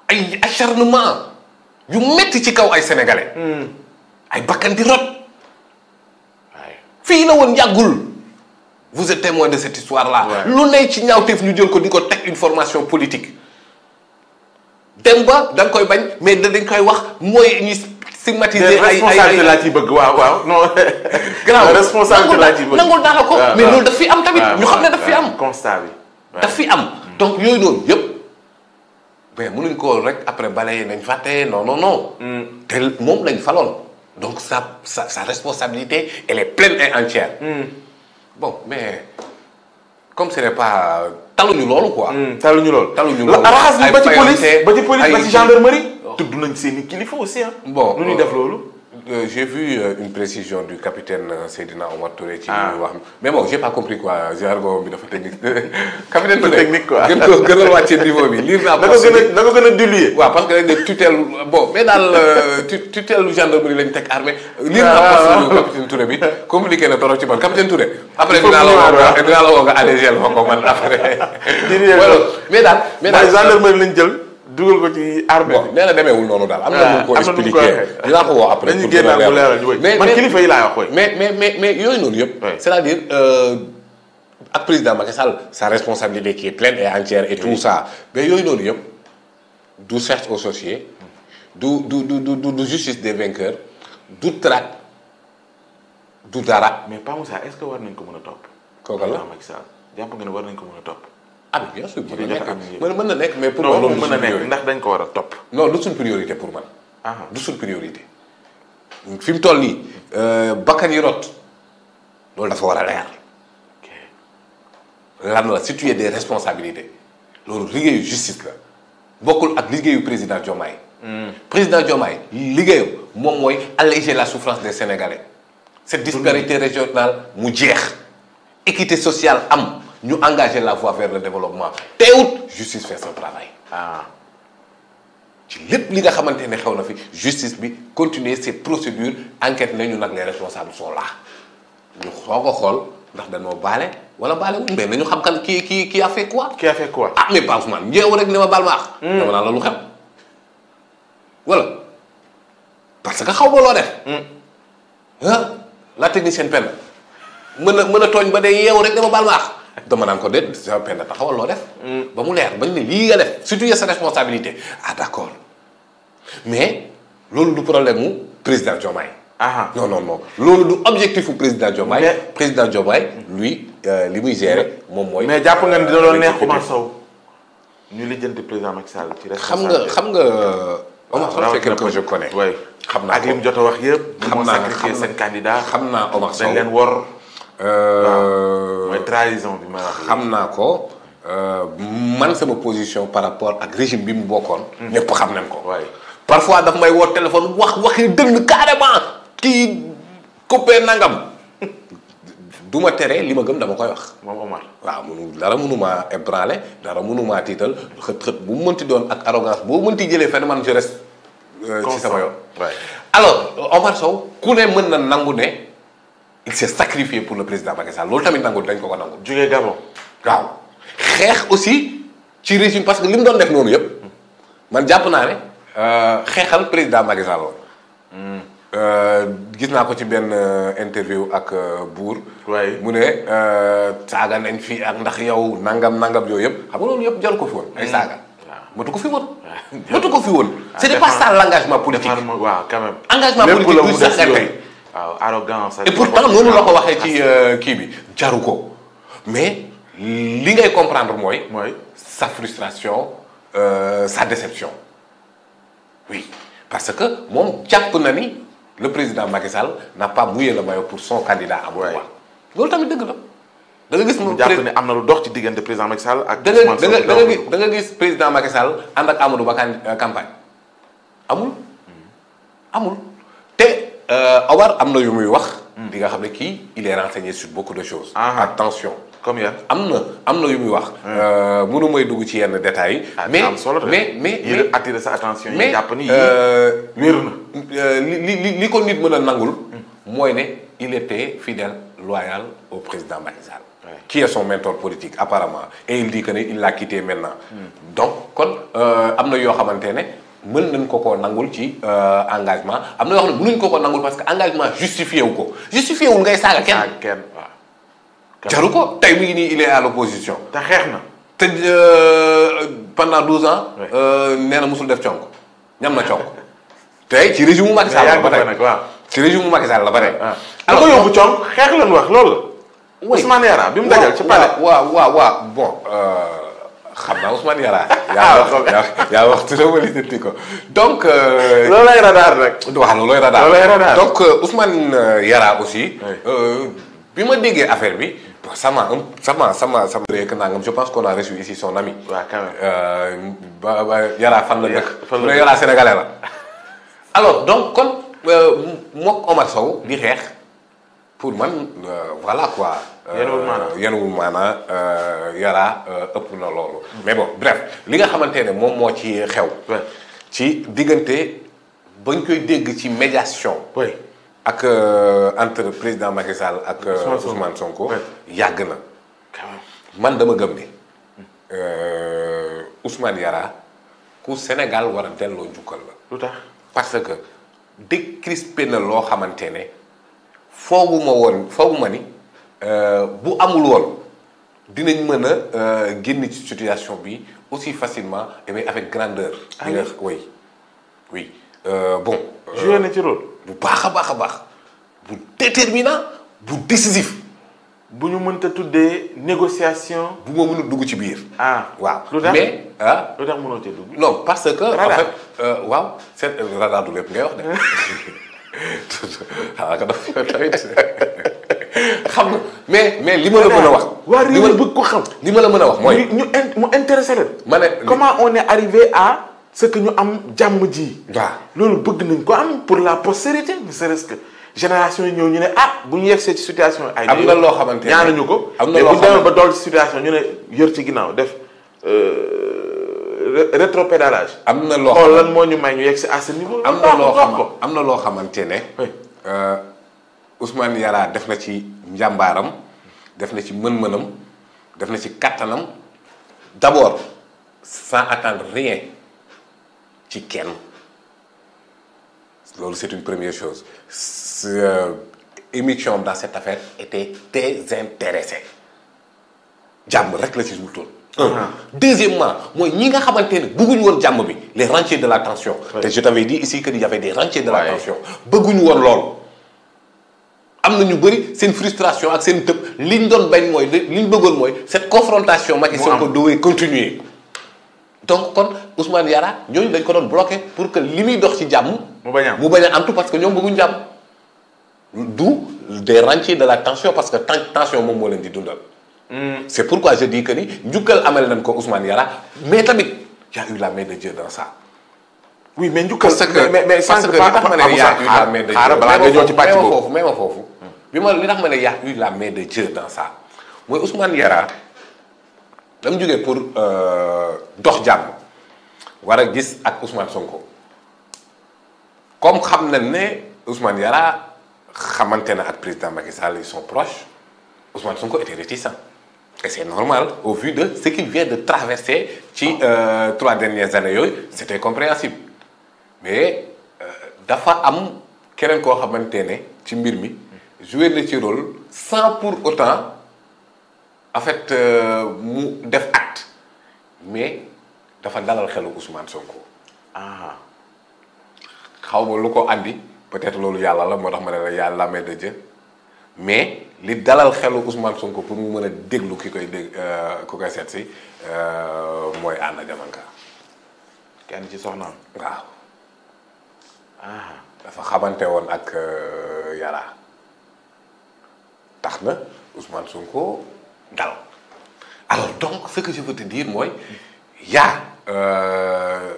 ay acharnement yu metti ci kaw ay sénégalais. Hmm. ay bakkan di rot. la woon yàggul. vous êtes témoin de cette histoire-là. lu ne ci ñaawteef ñu jël ko di ko teg une formation politique. dem ba da koy bañ mais dañ koy wax mooy ñu stigmatiser. ay ay ay laa ci bëgg waaw waaw non. grand responsable laa ko. fi am tamit ñu xam ne daf fi am. constat bi fi am. Mm. donc yooyu noonu yëpp. mais mënuñ ko rek après balayer nañ fàtte non non non. Mm. te moom lañ faloon. donc sa sa sa responsabilité elle est pleine et entière. Mm. bon mais comme ce n'est pas taluñu loolu quoi. Hmm, taluñu loolu. taluñu loolu ay ba ci police ba ci police ba ci gendarmerie. tudd nañ seen i kilifa aussi ah. bon nu ñuy euh, def loolu. euh, j'ai vu euh, une précision du capitaine euh, Seydina Omar Touré ci ñuy ah. wax mais bon j'ai pas compris quoi jargon bi dafa technique capitaine bu technique quoi gën ko gën a wàcce niveau bi liir naa na ko gën a na ko gën a diluer waaw parce que dañ ne tutelle bon mais daal euh, tutelle gendarmerie lañ teg armée liir ah, naa ah, poste capitaine Touré bi compliqué na torop ci man capitaine Touré après dinaa la woo dinaa la woo nga allégé ma ko man après mais daal mais daal gendarmerie lañ jël dugal ko ci armée bi nee na demeewul noonu daal. am na nu ah, ko expliqué dinaa ko woo après. dañuy génnaat mu leeral mais man ak président Macky sa responsabilité qui est pleine et entière et tout ça mais yooyu noonu yëpp du cherche au sorcier du du du du du justice des vainqueurs du traque du dara. mais Pa Moussa est-ce nañ ko mën a topp. kooku war nañ ko mën a topp. ah bien mën na nekk mën na nekk mais pour. non na nekk ndax dañ ko war a topp. non lu suñ priorité pour man. Ah. du suñ priorité. fi mu toll nii euh, bakkan yi rot loolu dafa war a leer. lan la situer des responsabilité loolu liggéeyu justice la bokkul ak liggéeyu président Diomaye. Hmm. président Diomaye liggéeyam moom mooy alléger la souffrance des Sénégalais. cette disparité régionale mu jeex équité sociale am. ñu engager la voie vers le développement teewut justice fait son travail ah ci lépp li nga xamante ne xew na fi justice bi continuer ses procédures enquête nañu nag les responsables sont là ñu xoo ko xool ndax dañoo baale wala baale wuñ mais nañu xam kan kii kii kii a fait quoi. kii a fait quoi ah mais Pape Ousmane ñëw rek ne ma baal ma hmm. dama naan la lu xew wala parce que xaw ma loo def. ah la technicienne pen mën a mën a tooñ ba day yeewu rek dama baal ma dama naan ko déet sa Penda taxawal loo def. ba mu leer bañ ne lii nga def surtout y' sa responsabilité ah d' mais loolu du problème mu président Diomaye. ah non non loolu du objectif fu président Diomaye. mais président Diomaye lui euh, li muy gérer moom mooy. mais jàpp ne dina doon neex Omar Sow ñu lijjanti président Macky Sall ci xam nga xam nga. Euh, Omar Sow c'est ah, quelqu'un xam naa ko mu jot a wax yëpp. xam naa xam naa seen xam naa Omar Sow leen wor. Euh, mooy trahison bi xam naa ko euh, man sama position par rapport ak régime bi mu bokkoon. Mhm. ñëpp xam nañ ko. parfois daf may woo téléphone wax waxi dënn carrément kii coupé nangam. du ma tere li ma gëm dama koy wax. moom Omar waaw munu dara mënumaa ébranlé dara mënumaa tiital xët xët bu mu mënti doon ak arrogance boo mënti jëlee fenn man je euh, ci sama yoon alors Omar Sow ku ne mën na nangu ne. il s'est sacrifié pour le président Macky Sall loolu tamit nangu dañ ko ko nangu. jógee Gabon waaw xeex aussi ci régime parce que li mu doon def noonu yëpp man jàpp naa ne euh, xeexal président Macky Sall hmm. euh, gis naa ko ci benn euh, interview ak Buur. waaye mu ne saaga nañ fi ak ndax yow nangam nangam yooyu yëpp xam nga loolu yëpp jël ko fi woon. ay hmm. saaga matu ko fi woon. matu ko fi woon. Ah, c'est pas ça l'engagement politique. engagement politique du sax nga waaw arrogance et pourtant noonu la ko waxee ci euh, kii bi jaru ko mais li ngay comprendre mooy. mooy sa frustration euh, sa déception oui parce que moom jàpp na ni le président Macky Sall n'a pas mouillé le maillot pour son candidat à pouvoir loolu tamit dëgg la. da nga gis mu jàpp ne am na lu dox ci diggante président Macky Sall ak. da nga da nga gis da nga gis président Macky Sall ànd ak Amadou Ba euh, campagne amul hmm. amul te. Euh, Awar am na yu muy wax. Hmm. di nga xam ne kii il est renseigné sur beaucoup de choses. Ah. attention comme am na am na yu muy wax. mënu hmm. euh, may dugg ci yenn détails ah, mais mais mais yéen sa attention yi jàpp ni euh, wér na li li ko nit mën a nangul. Hmm. mooy ne il était fidèle loyal au président Macky Sall. qui est son mentor politique apparemment et il dit que ne il l'a quitté maintenant. donc kon am na yoo xamante ne. mën nañ ko koo nangul ci euh, engagement am na yoo xam ne mënuñ ko koo nangul parce que engagement justifié wu ko justifié wu ngay saaga kenn. saaga kenn waaw. ko tey mi ngi nii il est à te xeex na. te euh, pendant douze ans. Euh, nee na musul def conk ñam na conk tey ci régime mu Macky Sall la ba tey ci régime mu Macky Sall la ba tey. alors ah. ko yóbbu conk xeex lañ wax loolu la. Ousmane Yara bi mu dajal ci palais. waaw waaw wa bon. xam naa Ousmane Yara. yaa ah. wax yaa wax turam wala jëndi ko donc. Euh, loolay radar rek. waaw loolay radar donc euh, Ousmane euh, Yara aussi. bi ma déggee affaire bi. sama sama sama sama. rek nangam je fan la dëkk. fan la Yara la. alors donc kon mook Sow di xeex pour man voilà quoi. yenuwul maanaa euh, yenuwul maanaa euh, yaraa euh, ëpp na loolu. mais bon bref li nga xamante ne moom moo ci xew. ci diggante bañ koy dégg ci médiation. ak entre président Macky ak. Ousmane Sonko yàgg na. man dama gëm ni Ousmane Yara ku Sénégal war a delloo njukkal la. lu tax parce que décrispé na loo xamante ne fooguma woon fooguma ni. Euh, bu amul woon dinañ mën a euh, génn ci situation bi aussi facilement et bien avec grandeur. Ah di nga oui oui euh, euh na ci bu baax a baax a baax bu déterminant bu décisif. bu ñu mënta tuddee négociation. bu ma mënul dugg ci biir. ah waaw lu tax mais ah. lu tax parce que. Radar. en fait waaw seen ah, tamit. xam nga mais mais li ma la mën a wax. waa réew bëgg ko xam. li ma la mën a wax mooy. ñu mu intéressé leen. ma ne comment on est arrivé à. ce que ñu am jàmm ji. waaw loolu bëgg nañ ko am pour la postérité ne serait-ce que génération yi ñëw ñu ne ah bu ñu yegsee ci situation. ay am na loo xamante ne ñaanuñu ko. am na loo ba dool situation ñu ne yër ci ginnaaw def. Euh, rétropédalage. am na loo xool lan moo ñu may ñu yegg si à ce niveau. am na loo xam am na loo xamante ne. Euh, Ousmane Yara def na ci njàmbaaram def na ci mën-mënam def na ci kàttanam d'abord sans attendre rien ci kenn loolu c'est une première chose euh, émission dans cette affaire était désintéressée jàmm rek la ci wutoon ah. deuxièmement mooy ñi nga xamante bu bëgguñu woon jàmm bi les rentiers de la tension te a t'avais dit ici que il y avait des de la tension bëgguñu woon loolu am na ñu bëri seen frustration ak seen tëb li doon bañ mooy li bëggoon mooy cette confrontation Macky Sonko dowee continuer donc kon Ousmane Yara ñooñu dañ ko doon bloqué pour que li muy dox ci jàmm mu bañ a am mu bañ a am tout parce que ñoom bëgguñ jàmm d'où des rentiers de la tension parce que tension moom moo leen di dundal hmm. c'est pourquoi je dis que ni njukkal amal nañ ko Ousmane Yara mais tamit y a eu la main dans ça oui mais njukkal parce que ma ne yaa xaaral balaa bi ma li tax ma ne y a la main de Dieu dans ça mooy Ousmane Yara dam jógee pour euh, dox jàmm war a gis ak Ousmane Sonko comme xam na ne Ousmane Yara xamante na ak président Macky Sall ils sont proches Ousmane Sonko était réticent et c'est normal au vu de ce qu'il vient de traverser ci euh, trois dernières années yooyu c'était compréhensible mais euh, dafa am keneen koo xamante ne ci mbir mi joué na ci rôle sans pour autant en fait euh, mu def acte mais dafa dalal xelu Ousmane Sonko ah xaw ma lu ko andi peut-être loolu yàlla la moo tax ma ne la yàlla may de jë mais li dalal xelu Ousmane Sonko pour mu mën a déglu ki koy dégg euh, ku koy seet si euh, mooy Anna Diamanka kenn ci soxnaam waaw ah dafa xamante woon ak Yara tax na Ousmane Sonko dal alors donc ce que je veux mooy yaa euh,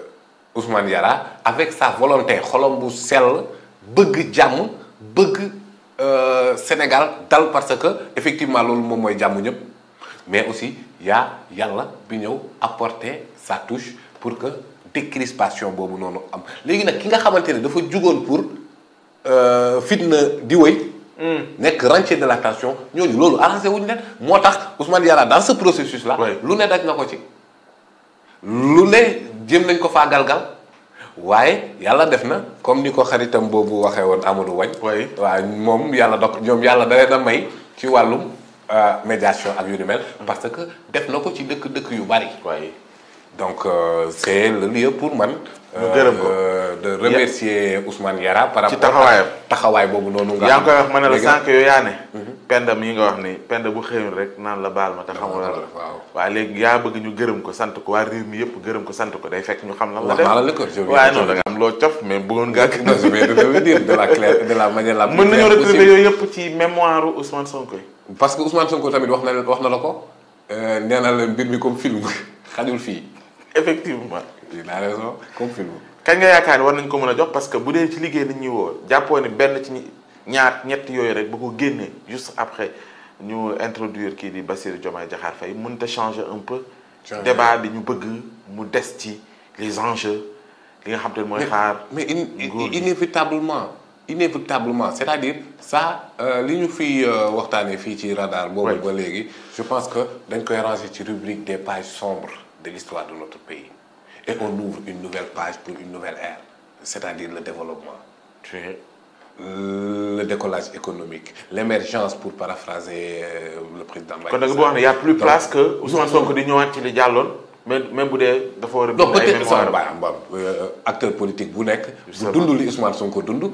Ousmane Yara avec sa volonté xolom bu sell bëgg jàmm bëgg euh, Sénégal dal parce que effectivement loolu moom mooy jàmm ñëpp mais aussi yaa yàlla bi ñëw apporter sa touche pour que décrispation boobu noonu am léegi nag ki nga xamante ni dafa jugoon pour euh, fitna di wëy nekk rentier de la tension ñooñu loolu arrangé wuñ leen moo tax Ousmane Diarra dans ce processus là. lu ne daj na ko ci. lu ne jéem nañ ko faa galgal waaye yàlla def na comme ni ko xaritam boobu waxee woon Amadou Wañ waaw moom yàlla dok ñoom yàlla da leen a may ci wàllum euh, médiation ak yu mm. parce que def na ko ci dëkk-dëkk yu bari. donc euh, c'est le lieu pour man. gërëm ko. Euh, de remercier Ousmane par rapport ci taxawaayam taxawaay boobu noonu. nga yaa ma ne la sànq yow yaa ne. Mhm. nga bu rek naan la baal ma te xamul la waaw waaye léegi yaa bëgg ñu ko sant ko waa réew mi yëpp gërëm ko sant ko day fekk ñu xam lan la def waaw waaye noonu da nga am loo cof mais bëggoon ngaa ko. de mën nañoo retrouver yooyu yëpp ci mémoire Ousmane Sonko yi. parce que Ousmane Sonko tamit wax na leen wax na la ko euh, nee na leen mbir mi comme film xajul fii effectivement il a raison comme film kañ nga yaakaar ni war nañ ko mën a jox parce que bu dee ci liggéey nañ ñuy woo jàppoo ni benn ci ñaar ñetti yooyu rek bu ko génnee juste après ñu introduire kii di Bassirou Diomaye Diakhar Faye mën ta changer un peu débat bi ñu bëgg mu des ci les enjeux li nga xam te ne mooy xaar mais inévitablement inévitablement c'est-à-dire ça euh, li ñu fi euh, waxtaanee fii ci radar boobu ba léegi je pense que dañ koy ranger ci rubrique des pages sombres de l'histoire de notre pays et on ouvre une nouvelle page pour une nouvelle ère, c'est-à-dire le développement. Okay. Euh, le décollage économique l'émergence pour paraphraser euh, le président Macky Sall kon nag bu wax ne y' a plus place que Ousmane Sonko di ñëwaat ci li jàlloon. mais même bu dee dafa war a. bind ay mémoires euh, acteur politique bu nekk. bu dund li Ousmane Sonko dund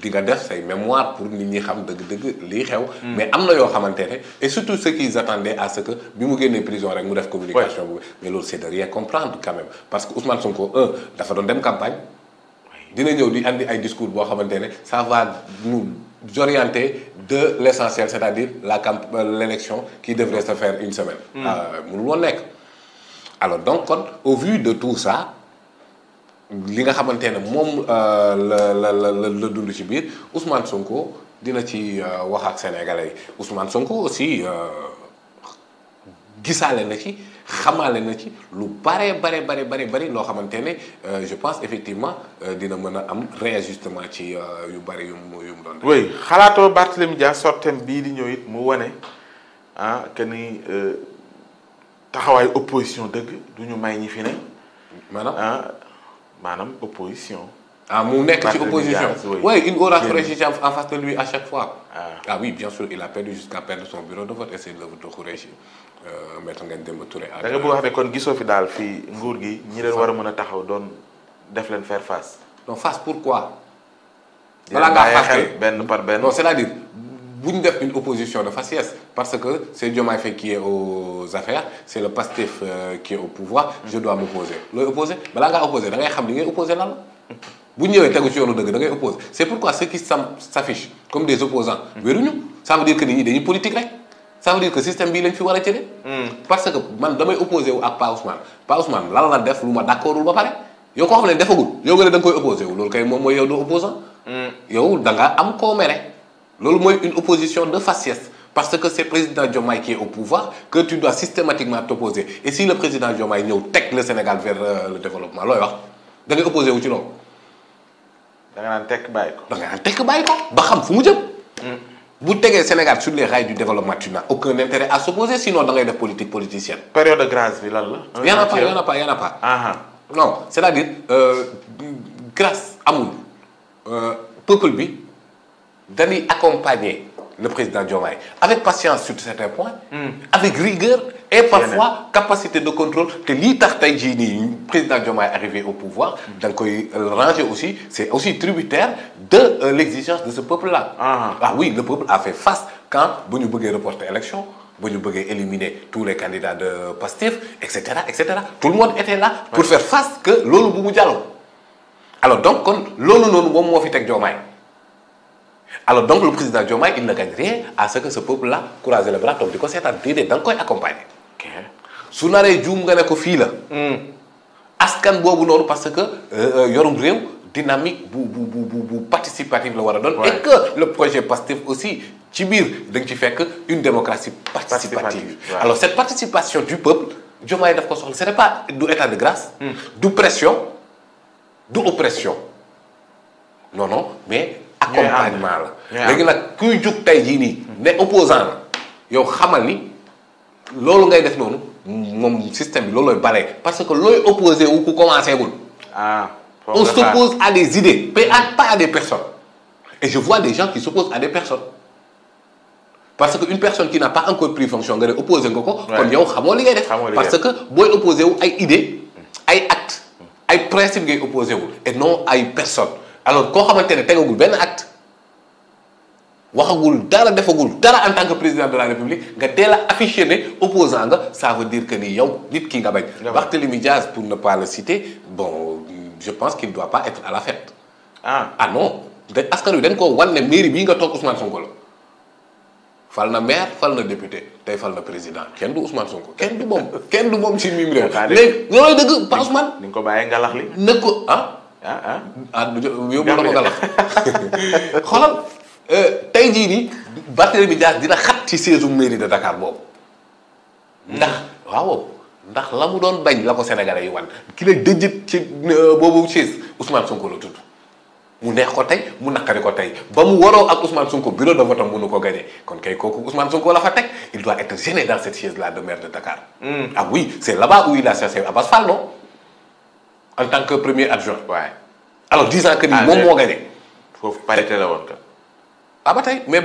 di nga def say mémoire pour nit ñi xam dëgg-dëgg lii xew. Hmm. mais am na yoo xamante ne et surtout ceux qui attendaient à ce que bi mu génnee prison rek mu def communication. boobu mais loolu c'est de rien comprendre quand parce que Ousmane Sonko un dafa doon dem campagne. dina ñëw di andi ay discours boo xamante ne ça va nous orienter de l'essentiel c'est-à-dire la camp euh, l'élection qui devrait se faire semaine. Hmm. Euh, mënul woon nekk. alors donc kon au vu de tout ça li nga xamante ne moom euh, la la la la dund ci biir Ousmane Sonko dina ci euh, wax ak sénégalais yi Ousmane Sonko aussi euh, gisaale na ci xamaale na ci lu bare bare bare bare bëri loo xamante ne je pense effectivement dina mën a am réajustement ci yu bëri yu mu yu mu doon. xalaatoo Barthélémy Dia sortem bii di ñëw it mu wane ah que taxawaayu opposition dëgg du ñu may ñi fi ne. maanaam ah, maanaam opposition. ah mu nekk ci opposition oui une orange Khoureychi en face de lui à chaque fois. Ah. ah oui bien sûr il a perdu jusqu'à perdre son bureau de vote et c'est l'œuvre de Khoureychi euh, maître Ngagne Demba ne kon gisoo fi daal fii nguur gi. ñi leen war a mën a taxaw doon def leen faire face. non face pourquoi. balaa ngaa xaar benn par benn bu ñu def une opposition de faciès parce que c'est Diomaye Faye qui est aux affaires c'est le Pastef euh, qui est au pouvoir je dois m'opposer looy opposer balaa ngaa opposer da xam li ngay opposer lan la bu ñu ñëwee tegu ci yoonu da ngay opposer c'est pourquoi ceux qui s'affichent comme des opposants wéruñu ça veut dire que nit ñi dañuy politique rek a jëlee hmm. parce que damay opposé wu Pa Pa Ousmane def lu ma d'accordul ba pare yow koo xam ne defagul yow nga ne da nga koy loolu kay moom mooy yow du opposant hmm. yow da nga am koo mere loolu mooy une opposition de faciès parce que c'est président Diomaye qui est au pouvoir que tu dois systématiquement t'opposer et si le président Diomaye ñëw teg le Sénégal vers euh, le développement looy wax da opposé wu ci loolu. da nga naan tekk bàyyi ko. da nga naan tekk ko ba xam fu mu jëm. Hmm. bu tegee Sénégal sur les rails du développement tu n'as aucun intérêt à s'opposer sinon da ngay def politique politicienne. période de grâce bi lan la. y en a pas y euh, euh, bi. d'aller accompagner le président Diomaye avec patience sur certains points. Hmm. avec rigueur et parfois capacité de contrôle te lii tax tey jii nii président Diomaye arrivé au pouvoir hmm. da nga koy euh, ranger aussi c'est aussi tributaire de euh, l'exigence de ce peuple-là. Ah. ah oui le peuple a fait face quand bu ñu bëggee reporter élection. ba éliminer tous les candidats de Pastef et cetera et cetera tout le monde était là pour faire face que loolu bu mu jàlloo alors donc kon loolu noonu moom moo fi teg Diomaye alors donc le président Diomaye il na gagne rien à ce que ce peuple là croise le bras toog di ko seetaan déedéet da nga koy accompagner. su naree juum nga ne ko fii la. Hmm. askan boobu noonu parce que euh, euh, yorum réew. dynamique bu bu bu bu participative la war a doon. et que le projet PASTEF aussi ci biir da ci fekk une démocratie participative. participative ouais. alors cette participation du peuple Diomaye daf ko soxla ce n'est pas du état de grâce. Hmm. du pression du oppression non non accompagnement la léegi la kuy jug tey jii nii ne opposant la yow xamal ni loolu ngay def noonu moom système bi loolooy balee parce que looy opposé wu ku commencé gul ah on s'oppose à des idées pas à des personnes et je vois des gens qui s'opposent à des personnes parce que une personne qui n'a pa encore pris fonction nga ne opposé nga ko kon yow xamoo li ngay def parce que booy opposé wu ay idées ay actes ay principes ngay opposé wul et non ay personnes alors koo xamante ne tegagul benn acte waxagul dara defagul dara en tant que président de la république nga teel a affiché ne opposant nga ça veut dire que ni yow nit ki nga bañ. Barthélémy Diaz pour ne pas le citer bon je pense qu'il doit pas être à la fête. ah ah non dañ askan wi dañ koo wan ne mairie bi nga toog Ousmane Sonko la. fal na maire fal na député tey fal na président kenn du Ousmane Sonko kenn du moom kenn du moom si mim réew. léegi loolu dëgg Pa Ousmane. ni nga ko li na ko ah. ah ah ah bu yóbbu na ko galax xoolal euh, tey jii nii Barthélemy Dias dina xat ci siège mairie de Dakar boobu. ndax waaw ndax la mu doon bañ la ko sénégalais yi wan ki la dëjët ci euh, boobu siège Ousmane Sonko la tudd. mu neex ko tey mu naqari ko tey ba mu waroo ak Ousmane Sonko bureau de vote mënu ko gagné kon kay kooku Ousmane Sonko la fa teg il doit être gêné dans cette chaise là de maire de Dakar. Hmm. ah oui c' est là-bas où il a cherché Abass en tant que premier adjoint. waaye alors disant que ni ah, moom moo gagné. foofu parité la woon kat. ah ba tey mais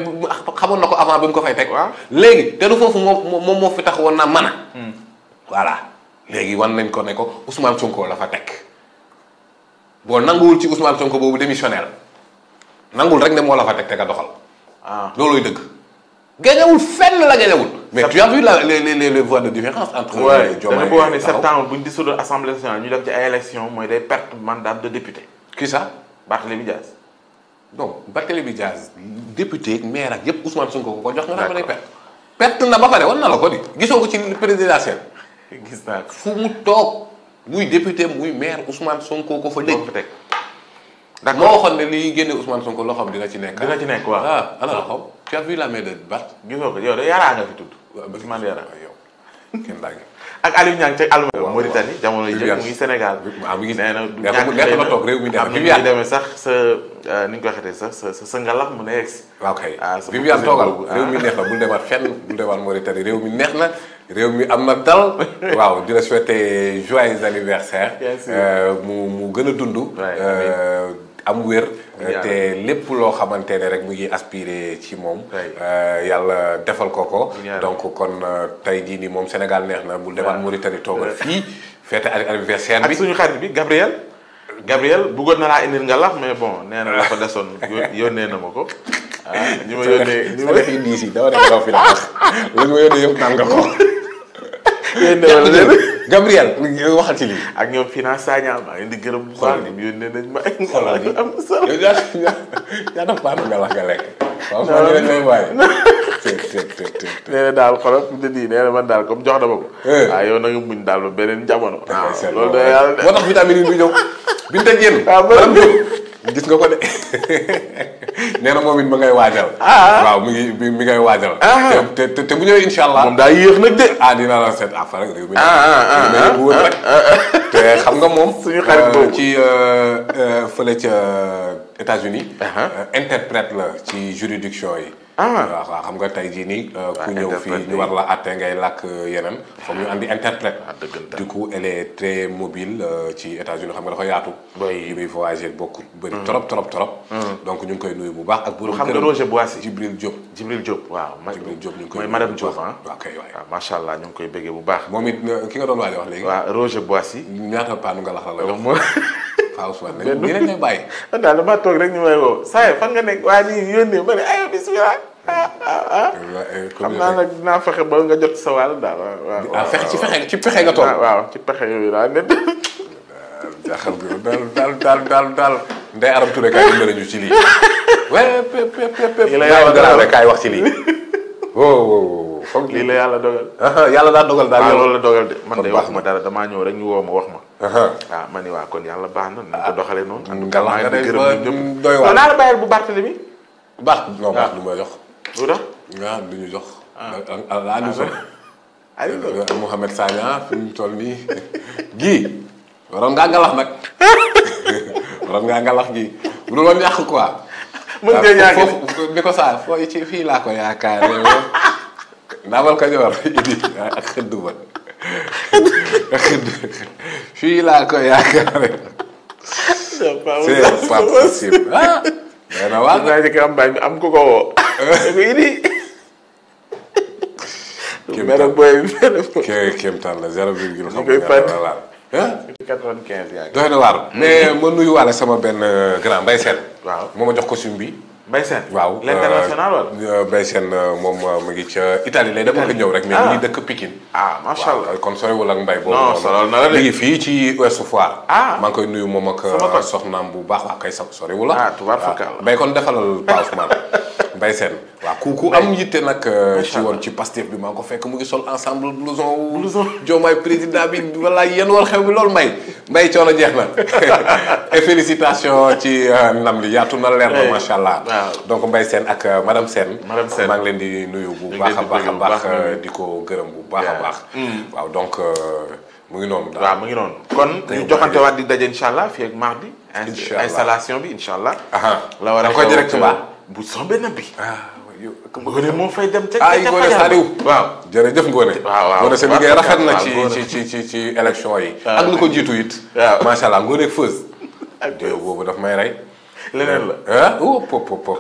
xamoon na ko avant bi mu ko fay teg. waa léegi te du foofu moo moom moom moo fi tax woon na man a. Hmm. voilà léegi wan nañ ko ne ko Ousmane Sonko la fa teg boo nanguwul ci Ousmane Sonko boobu démissionnaire nangul rek ne moo la fa teg te nga doxal. Ah. loolooy dëgg. gañewul fenn la gañewul. mais tu as vu la les les les voies de différence. entre Diomaye wax ne septembre bu ñu dissoudre assemblée nationale ñu def ci ay élections mooy day perte mandat de député. qui ça Barthélémy Diaz. donc Barthélémy Diaz député maire ak yépp Ousmane Sonko ko ko jox nga naan day perte. perte na ba pare war na la ko di gisoo ko ci présidentielle. gis naa fu mu toog muy député muy maire Ousmane son ko fa dégg. d'accord moo waxoon ne liy génne Ousmane Sonko loxoom dina ci nekk. dina ci nekk waaw ah alors xam. tu as vu la main de Barth. gisoo ko yow de Yara nga fi tudd. waaw Ousmane Yara yow kenn daa ngi. ak Aliou Niang teg Alma. waaw Mauritanie jamono jëkk mu ngi Sénégal. Ah, ah, sax sa ah, ni ñu ko waxatee sax sa sa ngalax mu ne yegg si. waaw kay Viviane toogal neex na bul demaat fenn bul demaat Mauritanie réew mi neex na réew mi am na dal. waaw di la souhaiter joyeux anniversaire. Euh, mu mu gën a dund. am wér. te lépp loo xamante ne rek mu ji aspiré ci moom. Euh, yàlla defal ko ko. donc kon euh, tey jii nii moom Sénégal neex na. bu demaat Mauritanie toogal fii. fête anniversaire bi ak suñu xarit bi Gabriel. Gabriel buggoon na laa indil nga lax mais bon nee na la ko desoon yónnee na ma ko. ñu ah, ma yónnee ñu ma yónnee diis yi naan nga ko. Gabriel waxal ci lii. ak ñoom finance Sagnal maa ngi di gërëm bu baax. xool yónnee nañ ma ay. xoolal gi am solo yow ñaata paanu nga man de lañ daal xoolal jox da ma ko. waaw yow na nga muñ daal ba beneen jamono. waaw ah, loolu de yàlla de. moo tax vitamine yi du ñëw. bi ñu teg yéen. Ah, gis nga ko de nee na moom it ma ngay waajal. Ah, ah. waaw mi ngi mi ngay waajal. Ah, te te te bu ñëwee incha allah. moom daa yéex nag de. ah dinaa la seet affaire rek réew mi. rek. te xam nga moom. suñu xarit euh, boobu ci euh, euh, fële ca États-Unis interprète la ci juridiction yi. Ah. waaw waaw xam nga tey jii nii. Euh, ku ñëw fii ñu war la àtte ngay làkk yeneen. foog ñu andi interprète. Ah, du coup elle est très euh, ci États-Unis xam nga dafa yaatu. yi muy voyager bokk bëri mm. trop trop trop. Mm. donc ñu ngi koy nuyu bu baax ak. bu xam nga Roger Boissy Jibril Diop. Jibril Diop waaw. Jibril Diop ñu macha allah ñu ngi koy bëggee ah. bu baax. moom it euh, ki nga doon waaj wax léegi. waaw Roger Boissy. ñaata paanu nga lax la lay wax. Paa Ousmane nag bàyyi. man daal damaa toog rek ñu may woo saa fan nga nekk waa nii yónnee ma ne aywa bisimilah. ah ah ah xam naa nag dinaa fexe ba nga jot sa wàll daal waaw waaw. Ah, ci pexe nga waaw ci pexe yooyu daal ne. daal daal daal daal daal Ndeye Arame Touré kaay dimbale ñu ci lii. lii la yàlla dogal. yàlla daa dogal daal. waaw ah, loolu la dogal de man de dara damaa ñëw rek ñu woo wax ma. ah ma ni waa kon yàlla baax na nañ ko doxalee noonu. en tout cas maa ngi gërëm doy waar naa la bàyyil bu Barthélemy bi. baax bu ah. baax du ma jox. du dox waaw ah, du ñu jox. ah la ah, jox. Aliou Sow eh, Mouhamed Sagna fi nga yàq foofu bi ko saa foo ci fii laa ko yaakaar. ndawal ko ñor idi ak xëdd ba. fii laa ko yaakaare. c'est pas possible ah. mais nag waa naa am bañ ko woo. kéemtaan la zéro virgule na waar hmm. mais ma nuyuwaale sama benn grand Mbaye Sène. waaw moo ma jox costume bi. Mbaye Sène waaw euh, l'international wala. Euh, Mbaye Sène euh, moom mu ngi ca Italie lay dama ko ñëw rek. mi ngi ah. dëkk Pikine. ah macha allah kon soriwul ak Mbaye boobu. non soriwul na fii ci Ouest Foire. ah maa ngi koy nuyu moom ak. soxnaam bu baax waa kay soriwul la. ah, ah tubaab fakkaar kon defalal passe Mbaye seen waaw ku ku am yitte nag. Euh, ci woon ci Pastef bi maa ko fekk mu ngi sol ensemble blouson wu. blouson Diomaye président bi wala yéen war xew bi loolu may mbay coono jeex na et félicitations ci euh, nam li yaatu na leer na macha allah. donc mbay seen ak euh, madame seen madame seen maa ngi leen di nuyu bu baax a baax a baax di ko gërëm bu baax a baax. Mm. waaw donc mu ngi noonu daal mu ngi noonu. kon ñu joxante waat di daje incha allah fii ak mardi. incha allah installation bi incha allah. la war a xew directement bu soobee Ngoné moo fay dem ca ay Ngoné a waaw jërëjëf Ngoné waaw Ngoné sa liggéey rafet na ci ci ci ci yi ak it waaw macha allah Ngoné daf may rey la euh, oh pop pop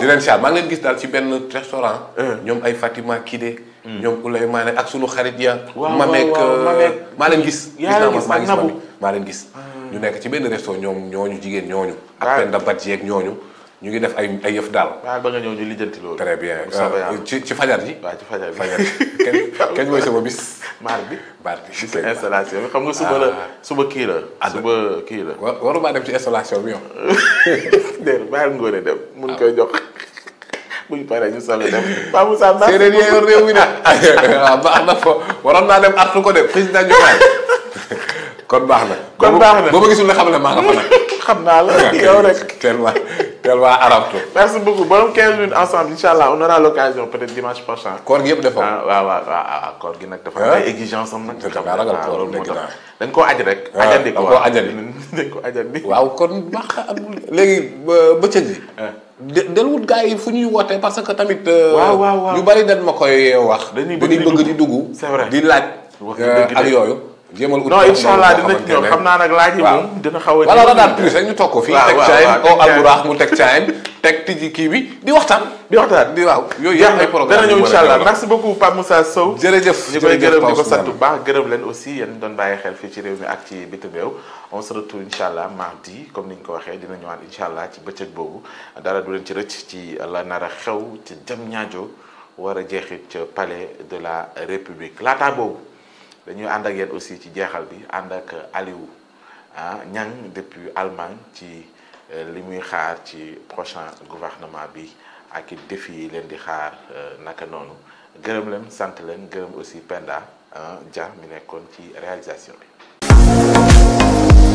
di leen siyaar maa ngi gis daal ci benn restaurant euh. ñoom ay Fatima Kidé hmm. ñoom Oulaymane ak sunu xarit ya ma euh, maa leen gis gis maa gis Mamek maa leen gis ah. ñu nekk ci benn restaurant ñoom ñooñu jigéen ñooñu ak Penda Badji ak ñooñu ñu ngi def ay ay yëf daal. waaw ba nga ñëw ñu lijjanti loolu. très bien euh, ci ci fajar ji. waaw ci fajar ji fajar kenn kenn mooy bis. maar bi maar bi. bis installation bi xam nga suba la ah. ah, suba kii la. wa waruma dem ci installation bi yow. déedéet mun ah. koy jox. buñ paree ñu solo réew mi de waaw baax na fo waroon naa dem artu ko de président Diomaye kon baax na. kon baax na boo ma gisul ne xam ne maa nga fa xam naa la yow rek tellement tellement arab tout. merci beaucoup borom 15 minutes ensemble incha allah on aura l'occasion peut-être dimanche prochain. gi yëpp dafa am ah waaw waaw waaw koor gi nag dafa am ah. ay exigence ko waaw waaw kon baax léegi bëccëg bi. Ah. del wut yi fu ñuy wootee parce que tamit. Euh, waaw waaw bari dañ ma koy wax. dañuy bëgg di dugg di dugg. c'est di laaj. Euh, ak jéemal ut. non incha allah dina ci ñëw xam naa nag laaj moom dina xaw a. wala daan toog ko fii. waaw waaw oh, teg caayam oo teg caayam teg tijji kii bi di waxtaan. di waxtaan di waaw yooyu yëpp ay programme dana ñëw incha allah merci beaucoup Sow. jërëjëf ñu koy gërëm di ko sant bu baax gërëb leen aussi yéen doon bàyyi xel fii ci réew mi ak ci bitim réew on se retrouve incha allah mardi comme ni ñu ko waxee dina ñëwaat incha allah ci bëccëg boobu dara du leen ci rëcc ci la nar a xew ci jam ñaajo war a jeexit ca palais de la république laata boobu dañuy ànd ak yéen aussi ci jeexal bi ànd ak Aliou ah Niang depuis Allemagne ci euh, li muy xaar ci prochain gouvernement bi ak i défi yi leen di xaar euh, naka noonu gërëm leen sant leen gërëm aussi Penda ah, Dia mi nekkoon ci réalisation bi.